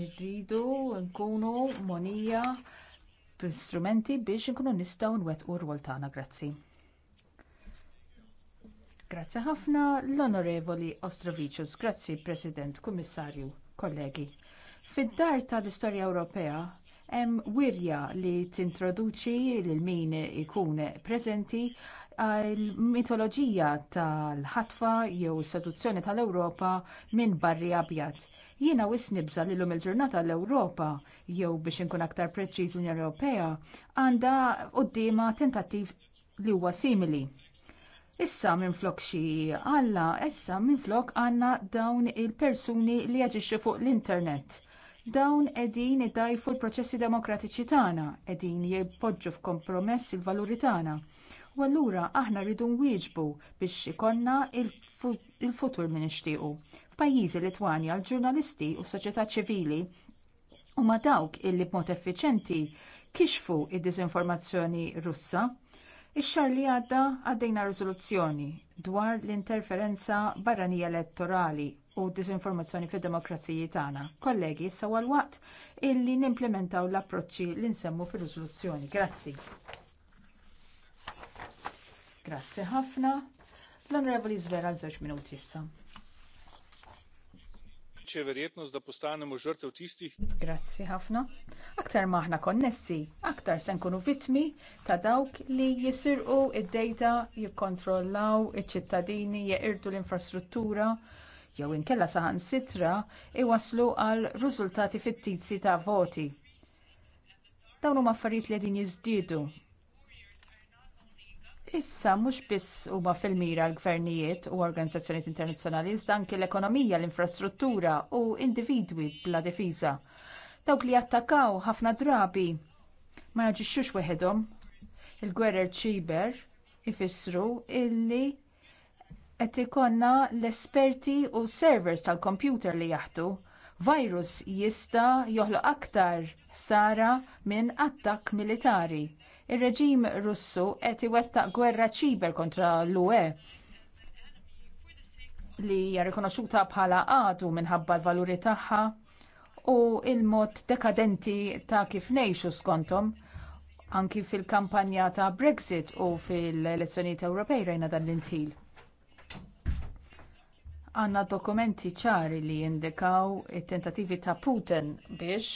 Irridu nkunu monija bl-istrumenti biex inkunu nistgħu nwettqu r-rwol tagħna. Grazzi. Grazzi ħafna l-Onorevoli Ostrovicius. Grazzi President, Kummissarju, kollegi. Fid-dar tal-istorja Ewropea hemm wirja li tintroduċi lil min ikun preżenti il-mitoloġija tal-ħatfa jew seduzzjoni tal-Ewropa minn barri abjad. Jiena wis nibża li il-ġurnata l-Ewropa jew biex inkun aktar preċiż l-Unjoni Ewropea għandha qudiema tentattiv li huwa simili. Issa minflok xi Alla, issa minflok għandna dawn il-persuni li jaġixxu fuq l-internet dawn qegħdin idajfu l-proċessi demokratiċi tagħna, qegħdin jpoġġu f'kompromess il-valuri tagħna. U allura aħna rridu nwieġbu biex ikollna il-futur li nixtiequ. F'pajjiżi Litwani l-ġurnalisti u s-soċjetà ċivili huma dawk illi b'mod effiċjenti kixfu id dizinformazzjoni Russa Ix-xahar li għadda għaddejna riżoluzzjoni dwar l-interferenza barranija elettorali u d diżinformazzjoni fid-demokraziji tagħna. Kollegi, l waqt illi nimplementaw l-approċċi li nsemmu fir-riżoluzzjoni. Grazzi. Grazzi ħafna. L-Onorevoli Zvera żewġ minuti issa. Grazzi ħafna. Aktar maħna konnessi, aktar se nkunu vittmi ta' dawk li jisirqu id-dejta jikkontrollaw iċ-ċittadini jeqirdu l-infrastruttura jew inkella saħansitra iwasslu għal fit fittizji ta' voti. Dawn huma affarijiet li għedin jiżdiedu Issa mhux biss huma fil-mira l-gvernijiet u organizzazzjonijiet internazzjonali iżda anke l-ekonomija, l-infrastruttura u individwi bla difiża. Dawk li jattakaw ħafna drabi ma jaġixxux weħedhom. Il-gwerer ċiber ifissru illi qed ikollna l-esperti u servers tal-kompjuter li jaħdmu virus jista' joħloq aktar sara minn attakk militari Ir-reġim Russu qed iwettaq gwerra ċiber kontra l-UE li hija rikonoxxuta bħala għadu minħabba l-valuri tagħha u l mod dekadenti ta' kif ngħixu skontom anki fil-kampanja ta' Brexit u fil-elezzjonijiet Ewropej rejna dan l-intil għandna dokumenti ċari li jindikaw it-tentattivi ta' Putin biex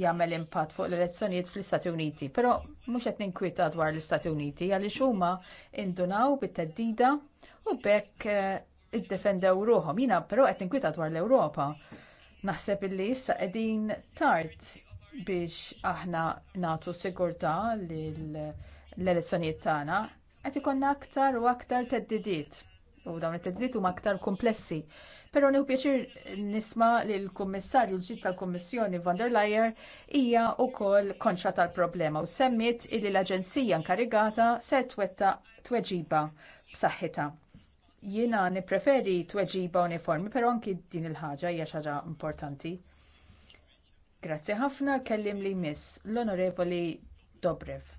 jagħmel impatt fuq l-elezzjonijiet fl-Istati Uniti, però mhux qed ninkwita dwar l-Istati Uniti għaliex huma indunaw bit-teddida u bekk eh, iddefendew ruhom. Jiena però qed ninkwita dwar l-Ewropa. Naħseb illi issa qegħdin tard biex aħna nagħtu sigurtà lill-elezzjonijiet tagħna qed ikollna aktar u aktar teddidiet u dawn it-teddiet huma aktar komplessi. Però nieħu pjaċir nisma' li l-Kummissarju l-ġid tal-Kummissjoni van der Leyen hija wkoll konxa tal-problema u semmiet illi l-Aġenzija nkarigata se twetta tweġiba b'saħħitha. Jiena nippreferi tweġiba uniformi, però anki din il-ħaġa hija xi ħaġa importanti. Grazzi ħafna kellim li miss l-Onorevoli Dobrev.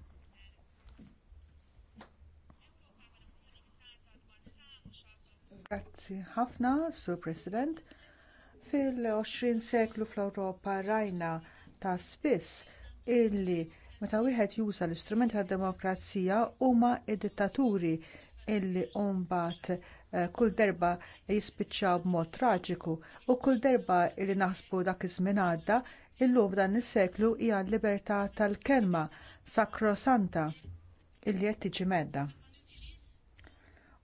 Grazzi ħafna, Sur President. Fil-20 seklu fl-Ewropa rajna ta' spiss illi meta wieħed juża l-istrument tad-demokrazija huma d-dittaturi illi mbagħad eh, kull darba jispiċċaw b'mod traġiku u kull darba li naħsbu dak iż-żmien għadda illum f'dan is-seklu hija l-libertà tal-kelma sakrosanta illi qed tiġi medda.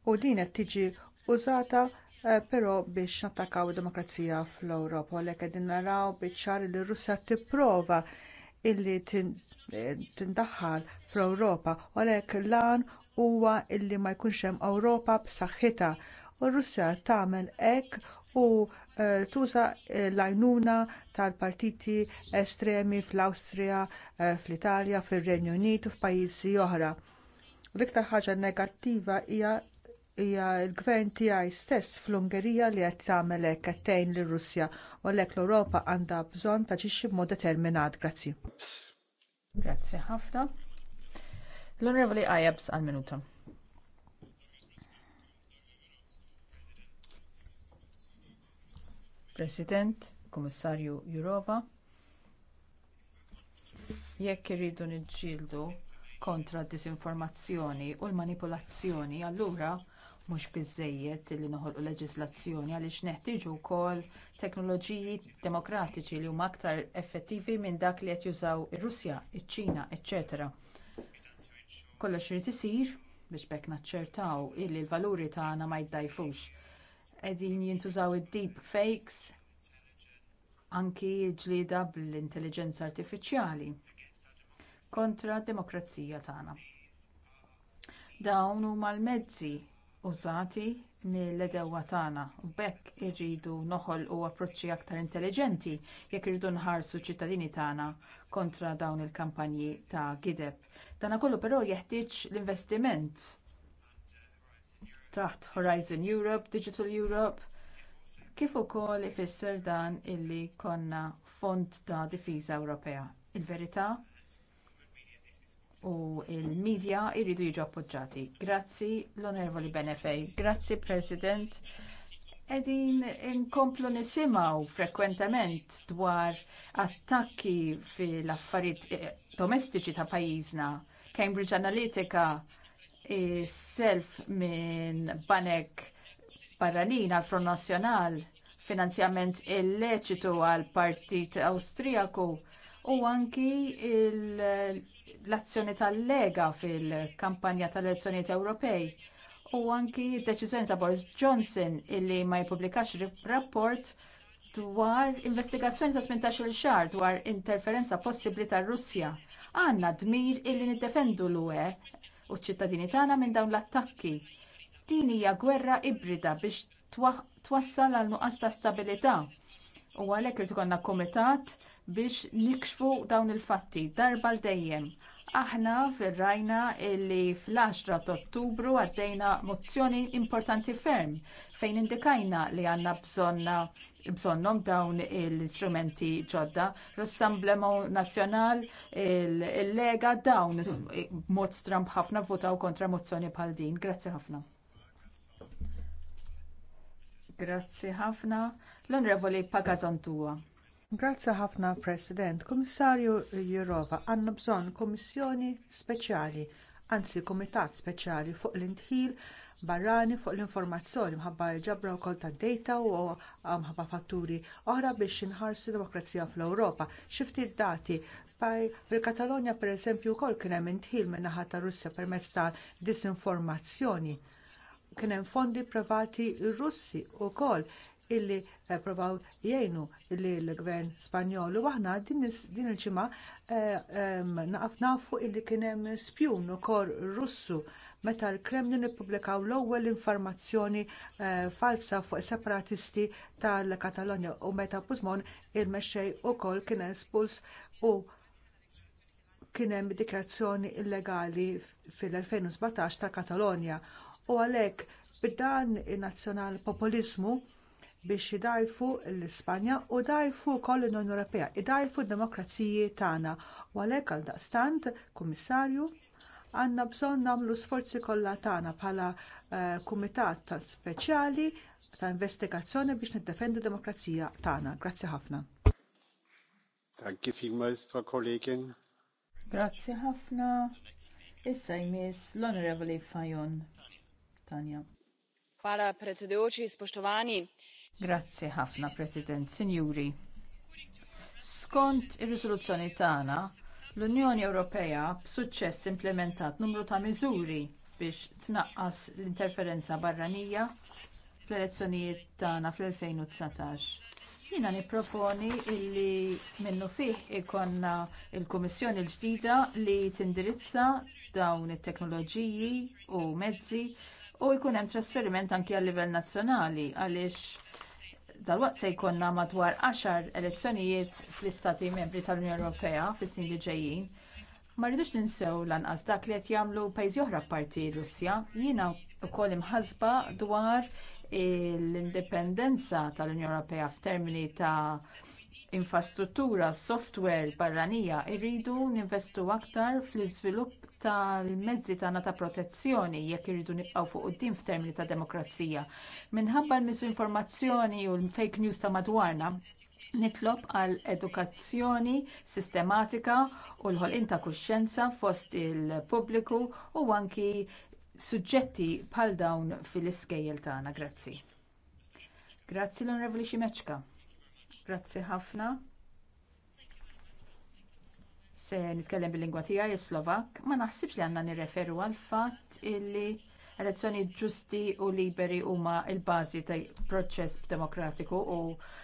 U din qed tiġi użata eh, però biex nattakaw id-demokrazija fl-Ewropa. Għalhekk qegħdin naraw biċ-ċar li Russja tipprova illi eh, tindaħħal fl-Ewropa u għalhekk lan huwa illi ma jkunx hemm Ewropa b'saħħitha. U Russja tagħmel hekk u eh, tuża l-għajnuna tal-partiti estremi fl-Awstrija, fl-Italja, fir-Renju Unit u f'pajjiżi oħra. L-iktar ħaġa negattiva hija hija l-gvern tiegħi stess fl-Ungerija li qed tagħmel hekk qed tgħin lir-Russja u għalhekk l-Ewropa għandha bżonn taġixxi b'mod determinat. Grazzi. Grazzi ħafna. L-Onorevoli Ajabs għal minuta. President, Kummissarju Jurova. Jekk irridu niġġieldu kontra d-diżinformazzjoni u l-manipolazzjoni, allura mhux biżżejjed li noħolqu leġiżlazzjoni għaliex neħtieġu wkoll teknoloġiji demokratiċi li huma aktar effettivi minn dak li qed jużaw ir-Russja, iċ-Ċina, etc. Kollox irid isir biex bekk naċċertaw illi l-valuri tagħna ma jdajfux. Qegħdin jintużaw id-deep fakes anki ġlieda bl-intelligenza artifiċjali kontra d-demokrazija tagħna. Dawn huma l-mezzi użati mill-edewwa tagħna u b'hekk irridu noħolqu approċċi aktar intelligenti jekk irridu nħarsu ċ-ċittadini tagħna kontra dawn il-kampanji ta' gideb. dan kollu però jeħtieġ l-investiment taħt Horizon Europe, Digital Europe, kif ukoll ifisser dan illi konna fond ta' difiża Ewropea. Il-verità u l medja jridu jiġu appoġġjati. Grazzi l-Onorevoli Benefej, grazzi President. Qegħdin inkomplu nisimgħu frekwentament dwar attakki fil-affarijiet eh, domestiċi ta' pajjiżna. Cambridge Analytica self minn banek barranin għal front nazzjonal, finanzjament illeċitu għal partit Awstrijaku u anki l-azzjoni tal-Lega fil-kampanja tal-elezzjonijiet Ewropej u anki d-deċiżjoni ta' Boris Johnson illi ma jippubblikax rapport dwar investigazzjoni ta' 18-il xahar dwar interferenza possibbli tar-Russja. Għandna dmir illi niddefendu l-UE u ċ-ċittadini tagħna minn dawn l-attakki. Din hija gwerra ibrida biex twassal għal nuqqas ta' stabilità. U għalhekk irid ikollna kumitat biex nikxfu dawn il-fatti darba l-dejjem. Aħna fir-rajna li fl-10 ta' Ottubru għaddejna mozzjoni importanti ferm fejn indikajna li għandna bżonna bżonnom dawn l-istrumenti ġodda, l-Assemblemo Nazzjonal, il-Lega, dawn mod stramb ħafna votaw kontra mozzjoni bħal din. Grazzi ħafna. Grazzi ħafna. L-Onorevoli Pagazantua. Grazzi ħafna, President. Kummissarju Jurova, għandna bżonn Kummissjoni Speċjali, anzi Kumitat Speċjali fuq l-intħil barrani fuq l-informazzjoni mħabba ġabra wkoll tad-dejta u mħabba fatturi oħra biex inħarsu demokrazija fl-Ewropa. Xifti d-dati fil-Katalonja pereżempju wkoll kien hemm intħil min-naħa ta' Russja permezz ta' disinformazzjoni kien hemm fondi privati Russi wkoll illi eh, provaw jgħinu illi l-gvern Spanjol u aħna din il-ġimgħa eh, naqgħet nafu illi kien hemm spjun ukoll Russu meta l-Kremlin ippubblikaw l-ewwel informazzjoni eh, falsa fuq separatisti tal-Katalonja u meta Puzmon il-mexxej ukoll kien espuls u kien hemm dikrazzjoni illegali fil-2017 tal Katalonja u għalhekk bid-dan in-nazzjonal populiżmu biex jidajfu l-Ispanja u dajfu wkoll l-Unjoni Ewropea, idajfu d-demokraziji tagħna. U għalhekk għal daqstant, Kummissarju, għandna bżonn nagħmlu sforzi kollha tagħna bħala eh, kumitat ta' speċjali ta' investigazzjoni biex niddefendu demokrazija tagħna. Grazzi ħafna. vielmals, Frau Kollegin. Grazzi ħafna. Issa jmiss l-Onorevoli Fajon. Tanja. Hvala predsedujoči, spoštovani. Grazzi ħafna, President. Sinjuri, skont ir risoluzzjoni tagħna, l-Unjoni Ewropea b'suċċess implementat numru ta' miżuri biex tnaqqas l-interferenza barranija fl-elezzjonijiet tagħna fl-2019. Jiena nipproponi li minnu fih ikonna l kummissjoni l-ġdida li tindirizza dawn it-teknoloġiji u mezzi u jkun hemm trasferiment anki għal livell nazzjonali għaliex Dalwaqt se jkollna madwar 10 elezzjonijiet fl-istati membri tal-Unjoni Ewropea fis-snin li ġejjin. Ma rridux ninsew lanqas dak li qed jagħmlu pajjiżi oħra parti Russja. Jiena wkoll imħasba dwar l-indipendenza tal-Unjoni Ewropea f'termini ta' infrastruttura, software barranija irridu ninvestu aktar fl-iżvilupp tal-mezzi tagħna ta' protezzjoni jekk irridu nibqgħu fuq quddiem f'termini ta' demokrazija. Minħabba l-miżinformazzjoni u l-fake news ta' madwarna, nitlob għal edukazzjoni sistematika u l-ħolqien ta' kuxjenza fost il-pubbliku u anki suġġetti bħal dawn fil-iskejjel tagħna. Grazzi. Grazzi l-Onorevoli Grazzi ħafna se nitkellem bil-lingwa tiegħi is-Slovak, ma naħsibx li għandna nirreferu għal fatt illi elezzjoni ġusti u liberi huma l-bażi ta' proċess demokratiku u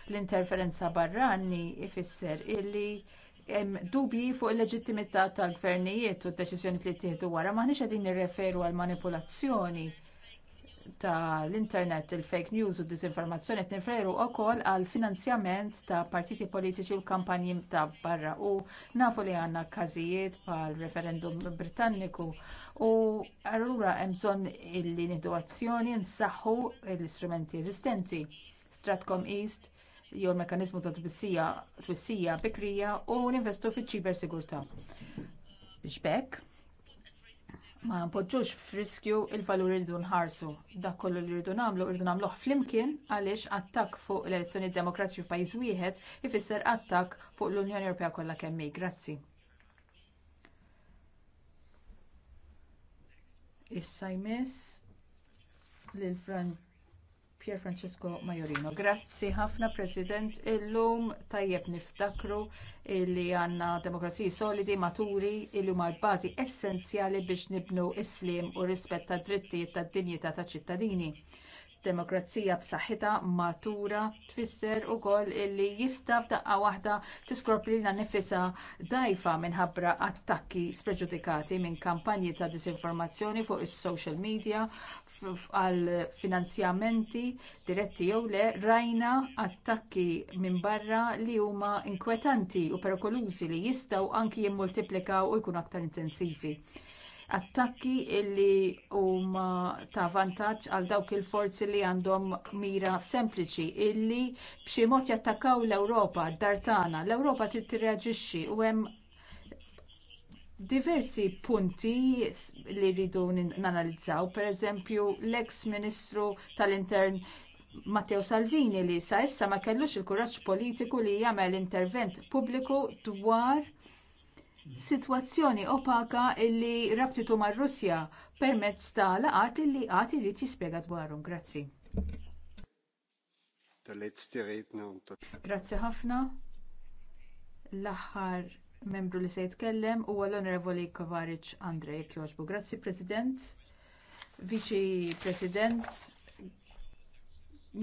l-interferenza barrani ifisser illi hemm dubji fuq il-leġittimità tal-gvernijiet u d-deċiżjoni li ttieħdu wara m'aħniex qegħdin nirreferu għal manipulazzjoni tal-internet il-fake news u d qed nifreru wkoll għal finanzjament ta' partiti politiċi u kampanji ta' barra u nafu li għandna każijiet bħal referendum Britanniku u allura hemm bżonn illi nieħdu azzjoni nsaħħu l-istrumenti eżistenti. Stratcom East jew l-mekanizmu ta' twissija bikrija u ninvestu fiċ-ċibersigurtà. Biex ma npoġġux f'riskju l valur li rridu nħarsu. Dak kollu li rridu nagħmlu rridu nagħmluh flimkien għaliex attakk fuq l-elezzjoni demokratiċi f'pajjiż wieħed ifisser attakk fuq l-Unjoni Ewropea kollha kemm hi. Grazzi. Issa jmiss lil Frank Pier Francesco Majorino. Grazzi ħafna President illum tajjeb niftakru li għandna demokraziji solidi, maturi, illi huma l-bażi essenzjali biex nibnu islim u rispett tad drittijiet tad-dinjità taċ ċittadini. Demokrazija b'saħħitha matura tfisser ukoll illi jista' f'daqqa waħda tiskropli na nifisha dajfa minħabba attakki spreġudikati minn kampanji ta' disinformazzjoni fuq is-social media għal finanzjamenti diretti jew le rajna attakki minn barra li huma inkwetanti u perikolużi li jistgħu anki jimmultiplikaw u jkunu aktar intensivi. Attakki li huma ta' vantaġġ għal dawk il-forzi li għandhom mira sempliċi illi b'xi mod jattakkaw l-Ewropa d-dar tagħna. L-Ewropa trid tirreaġixxi u hemm diversi punti li rridu nanalizzaw, pereżempju l-eks ministru tal-intern Matteo Salvini li sa issa ma kellux il-kuraġġ politiku li jagħmel intervent pubbliku dwar sitwazzjoni opaka li rabtitu mar-Russja permezz ta' laqat li qatt irid jispjega dwarhom. Grazzi. Grazzi ħafna. L-aħħar membru li se jitkellem huwa l-Onorevoli Kovaric Andrej Kjoġbu. Grazzi President, Viċi President,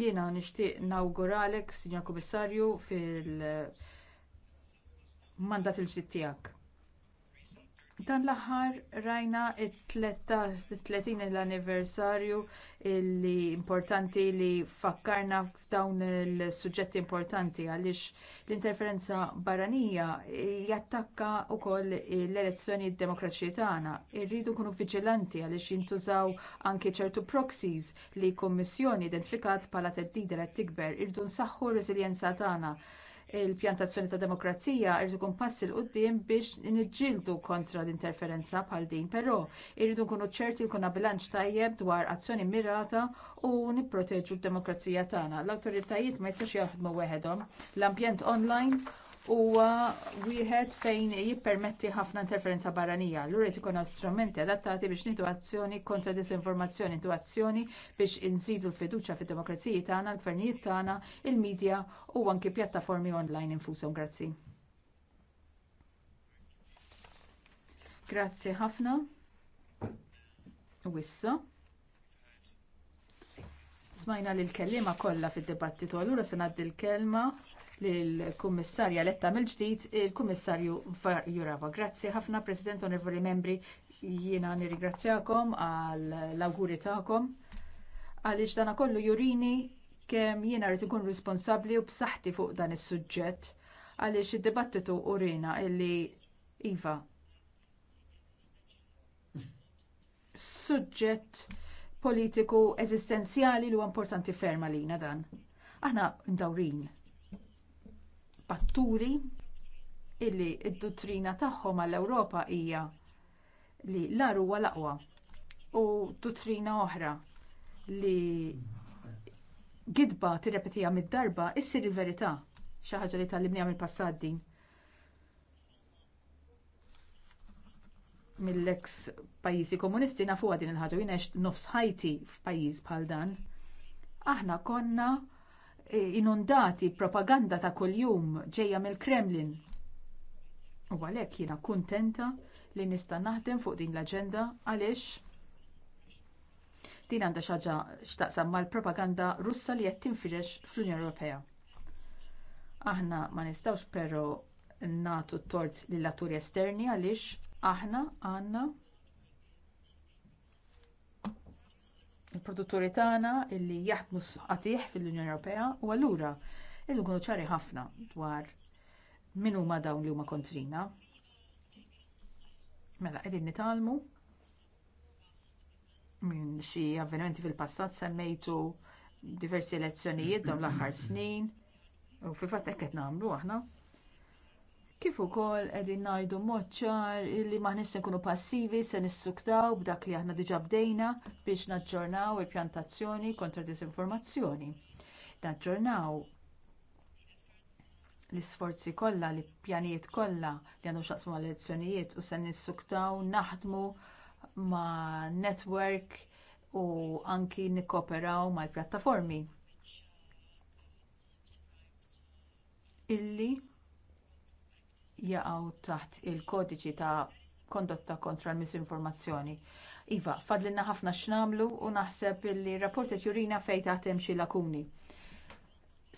jiena nixtieq nawguralek, Signor Kummissarju, fil-mandat il-ġdid tiegħek. Dan l-aħħar rajna it-30 l-anniversarju li importanti li fakkarna f'dawn il-suġġetti importanti għaliex l-interferenza barranija jattakka wkoll l-elezzjoni id-Demokraċi tagħna. Irridu nkunu viġilanti għaliex jintużaw anke ċertu proxies li kummissjoni identifikat bħala teddida li tikber irridu nsaħħu r-reżiljenza tagħna il-pjantazzjoni ta' demokrazija irridu kun passi l qoddim biex niġġieldu kontra l-interferenza bħal din, però irridu kunu ċerti l-kuna bilanċ tajjeb dwar azzjoni mirata u nipproteġu d-demokrazija tagħna. L-awtoritajiet ma jistax jaħdmu weħedhom. L-ambjent online U wieħed fejn jippermetti ħafna interferenza barranija. Allura jrid ikun strumenti adattati biex nieħdu azzjoni kontra disinformazzjoni, nieħdu azzjoni biex inżidu l-fiduċja fid-demokrazija tagħna, l-gvernijiet tagħna, il-medja u anki pjattaformi online infushom. Grazzi. Grazzi ħafna. Wissa. smajna li l-kellima kollha fid-dibattitu. Allura se ngħaddi l-kelma l kummissarja eletta mill-ġdid il-Kummissarju Jurava. Grazzi ħafna President Onorevoli Membri jiena nirringrazzjakom għall awguri tagħkom għaliex dana kollu jurini kemm jiena rrid ikun responsabbli u b'saħħti fuq dan is-suġġett għaliex id-dibattitu urina illi iva suġġett politiku eżistenzjali li huwa importanti ferm għalina dan. Aħna ndawrin atturi illi d-dottrina tagħhom għall-Ewropa hija li l-ar huwa l-aqwa u dottrina oħra li gidba tirrepetija mid-darba issir il-verità xi ħaġa li tallimni għamil passat din. mill-eks pajjiżi komunisti nafuha din il-ħaġa u nofs ħajti f'pajjiż bħal dan. Aħna konna inundati propaganda ta' kuljum ġejja mill-Kremlin. U għalhekk jiena kuntenta li nista' naħdem fuq din l-aġenda għaliex din għandha xi ħaġa x'taqsam mal-propaganda Russa li qed tinfirex fl-Unjoni Ewropea. Aħna ma nistgħux però nagħtu t-tort lill atturi esterni għaliex aħna għandna il-produtturi tagħna illi jaħdmu sqatiħ fil-Unjoni Ewropea u allura irridu nkunu ċari ħafna dwar min huma dawn li huma kontrina. Mela qegħdin nitalmu minn xi avvenimenti fil-passat semmejtu diversi elezzjonijiet dawn l-aħħar snin u fil-fatt hekk qed nagħmlu aħna. Kif ukoll qegħdin ngħidu mod ċar li maħniex se nkunu passivi se nissuktaw b'dak li aħna diġà bdejna biex naġġornaw il-pjantazzjoni kontra disinformazzjoni. Naġġornaw l-isforzi kollha, li pjanijiet kollha li għandhom xaqsmu mal elezzjonijiet u se nissuktaw naħdmu ma' network u anki nikkoperaw mal-pjattaformi. Illi jaqgħu taħt il-kodiċi ta' kondotta kontra l-misinformazzjoni. Iva, fadlinna ħafna x'namlu u naħseb li rapporti jurina fejn taħtem hemm xi lakuni.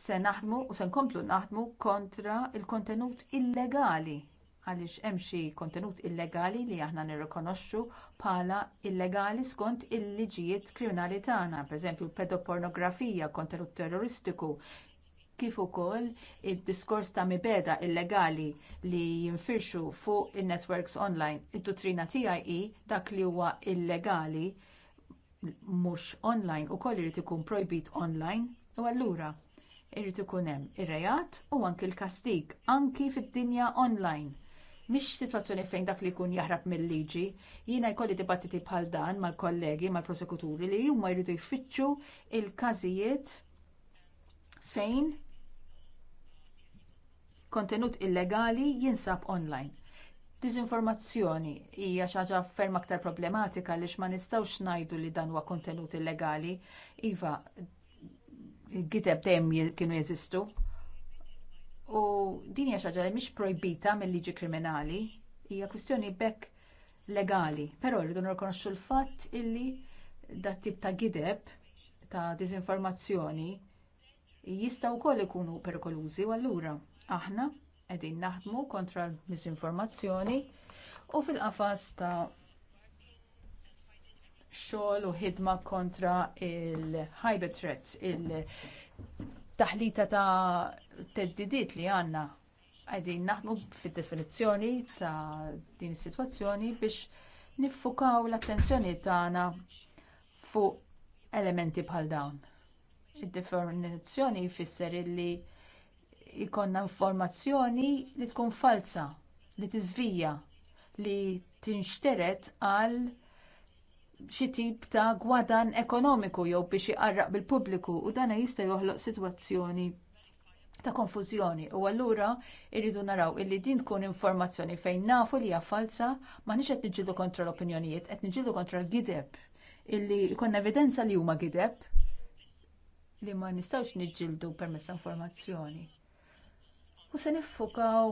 Se naħdmu u se nkomplu naħdmu kontra l kontenut illegali għaliex hemm xi kontenut illegali li aħna nirrikonoxxu bħala illegali skont il-liġijiet kriminali tagħna, pereżempju pedopornografija, kontenut terroristiku, kif ukoll id-diskors ta' mibeda illegali li jinfirxu fuq in-networks online. Id-dottrina tiegħi hi dak li huwa illegali mhux online ukoll irid ikun projbit online u allura irid ikun hemm ir rejat u anki l-kastig anki fid-dinja online. Mhix sitwazzjoni fejn dak li jkun jaħrab mill-liġi, jiena jkolli dibattiti bħal dan mal-kollegi, mal-prosekuturi li huma jridu jfittxu l każijiet fejn kontenut illegali jinsab online. Diżinformazzjoni hija xi ħaġa ferm aktar problematika għaliex ma nistgħux ngħidu li dan huwa kontenut illegali. Iva, giteb dejjem kienu jeżistu. U din hija xi ħaġa li mhix projbita mill-liġi kriminali, hija kwistjoni bekk legali, però rridu nirkonoxxu l-fatt illi dat tip ta' gideb ta' diżinformazzjoni jistgħu wkoll ikunu perikolużi u allura Aħna qegħdin naħdmu kontra l-miżinformazzjoni u fil-qafas ta' xogħol u ħidma kontra il hybrid threats, il-taħlita ta' teddidiet li għandna qegħdin naħdmu fid-definizzjoni ta' din is-sitwazzjoni biex niffukaw l-attenzjoni tagħna fuq elementi bħal dawn. Id-definizzjoni jfisser illi Ikonna informazzjoni li tkun falsa, li tiżvija, li tinxteret għal xi tip ta' gwadan ekonomiku jew biex iqarraq bil-pubbliku u dan jista' joħloq sitwazzjoni ta' konfużjoni u allura irridu naraw illi din tkun informazzjoni fejn nafu li hija falsa m'aħniex qed niġġieldu kontra l-opinjonijiet, qed niġġieldu kontra l-gideb illi jkollna evidenza li huma gideb li ma nistgħux niġġieldu permezz informazzjoni u se niffukaw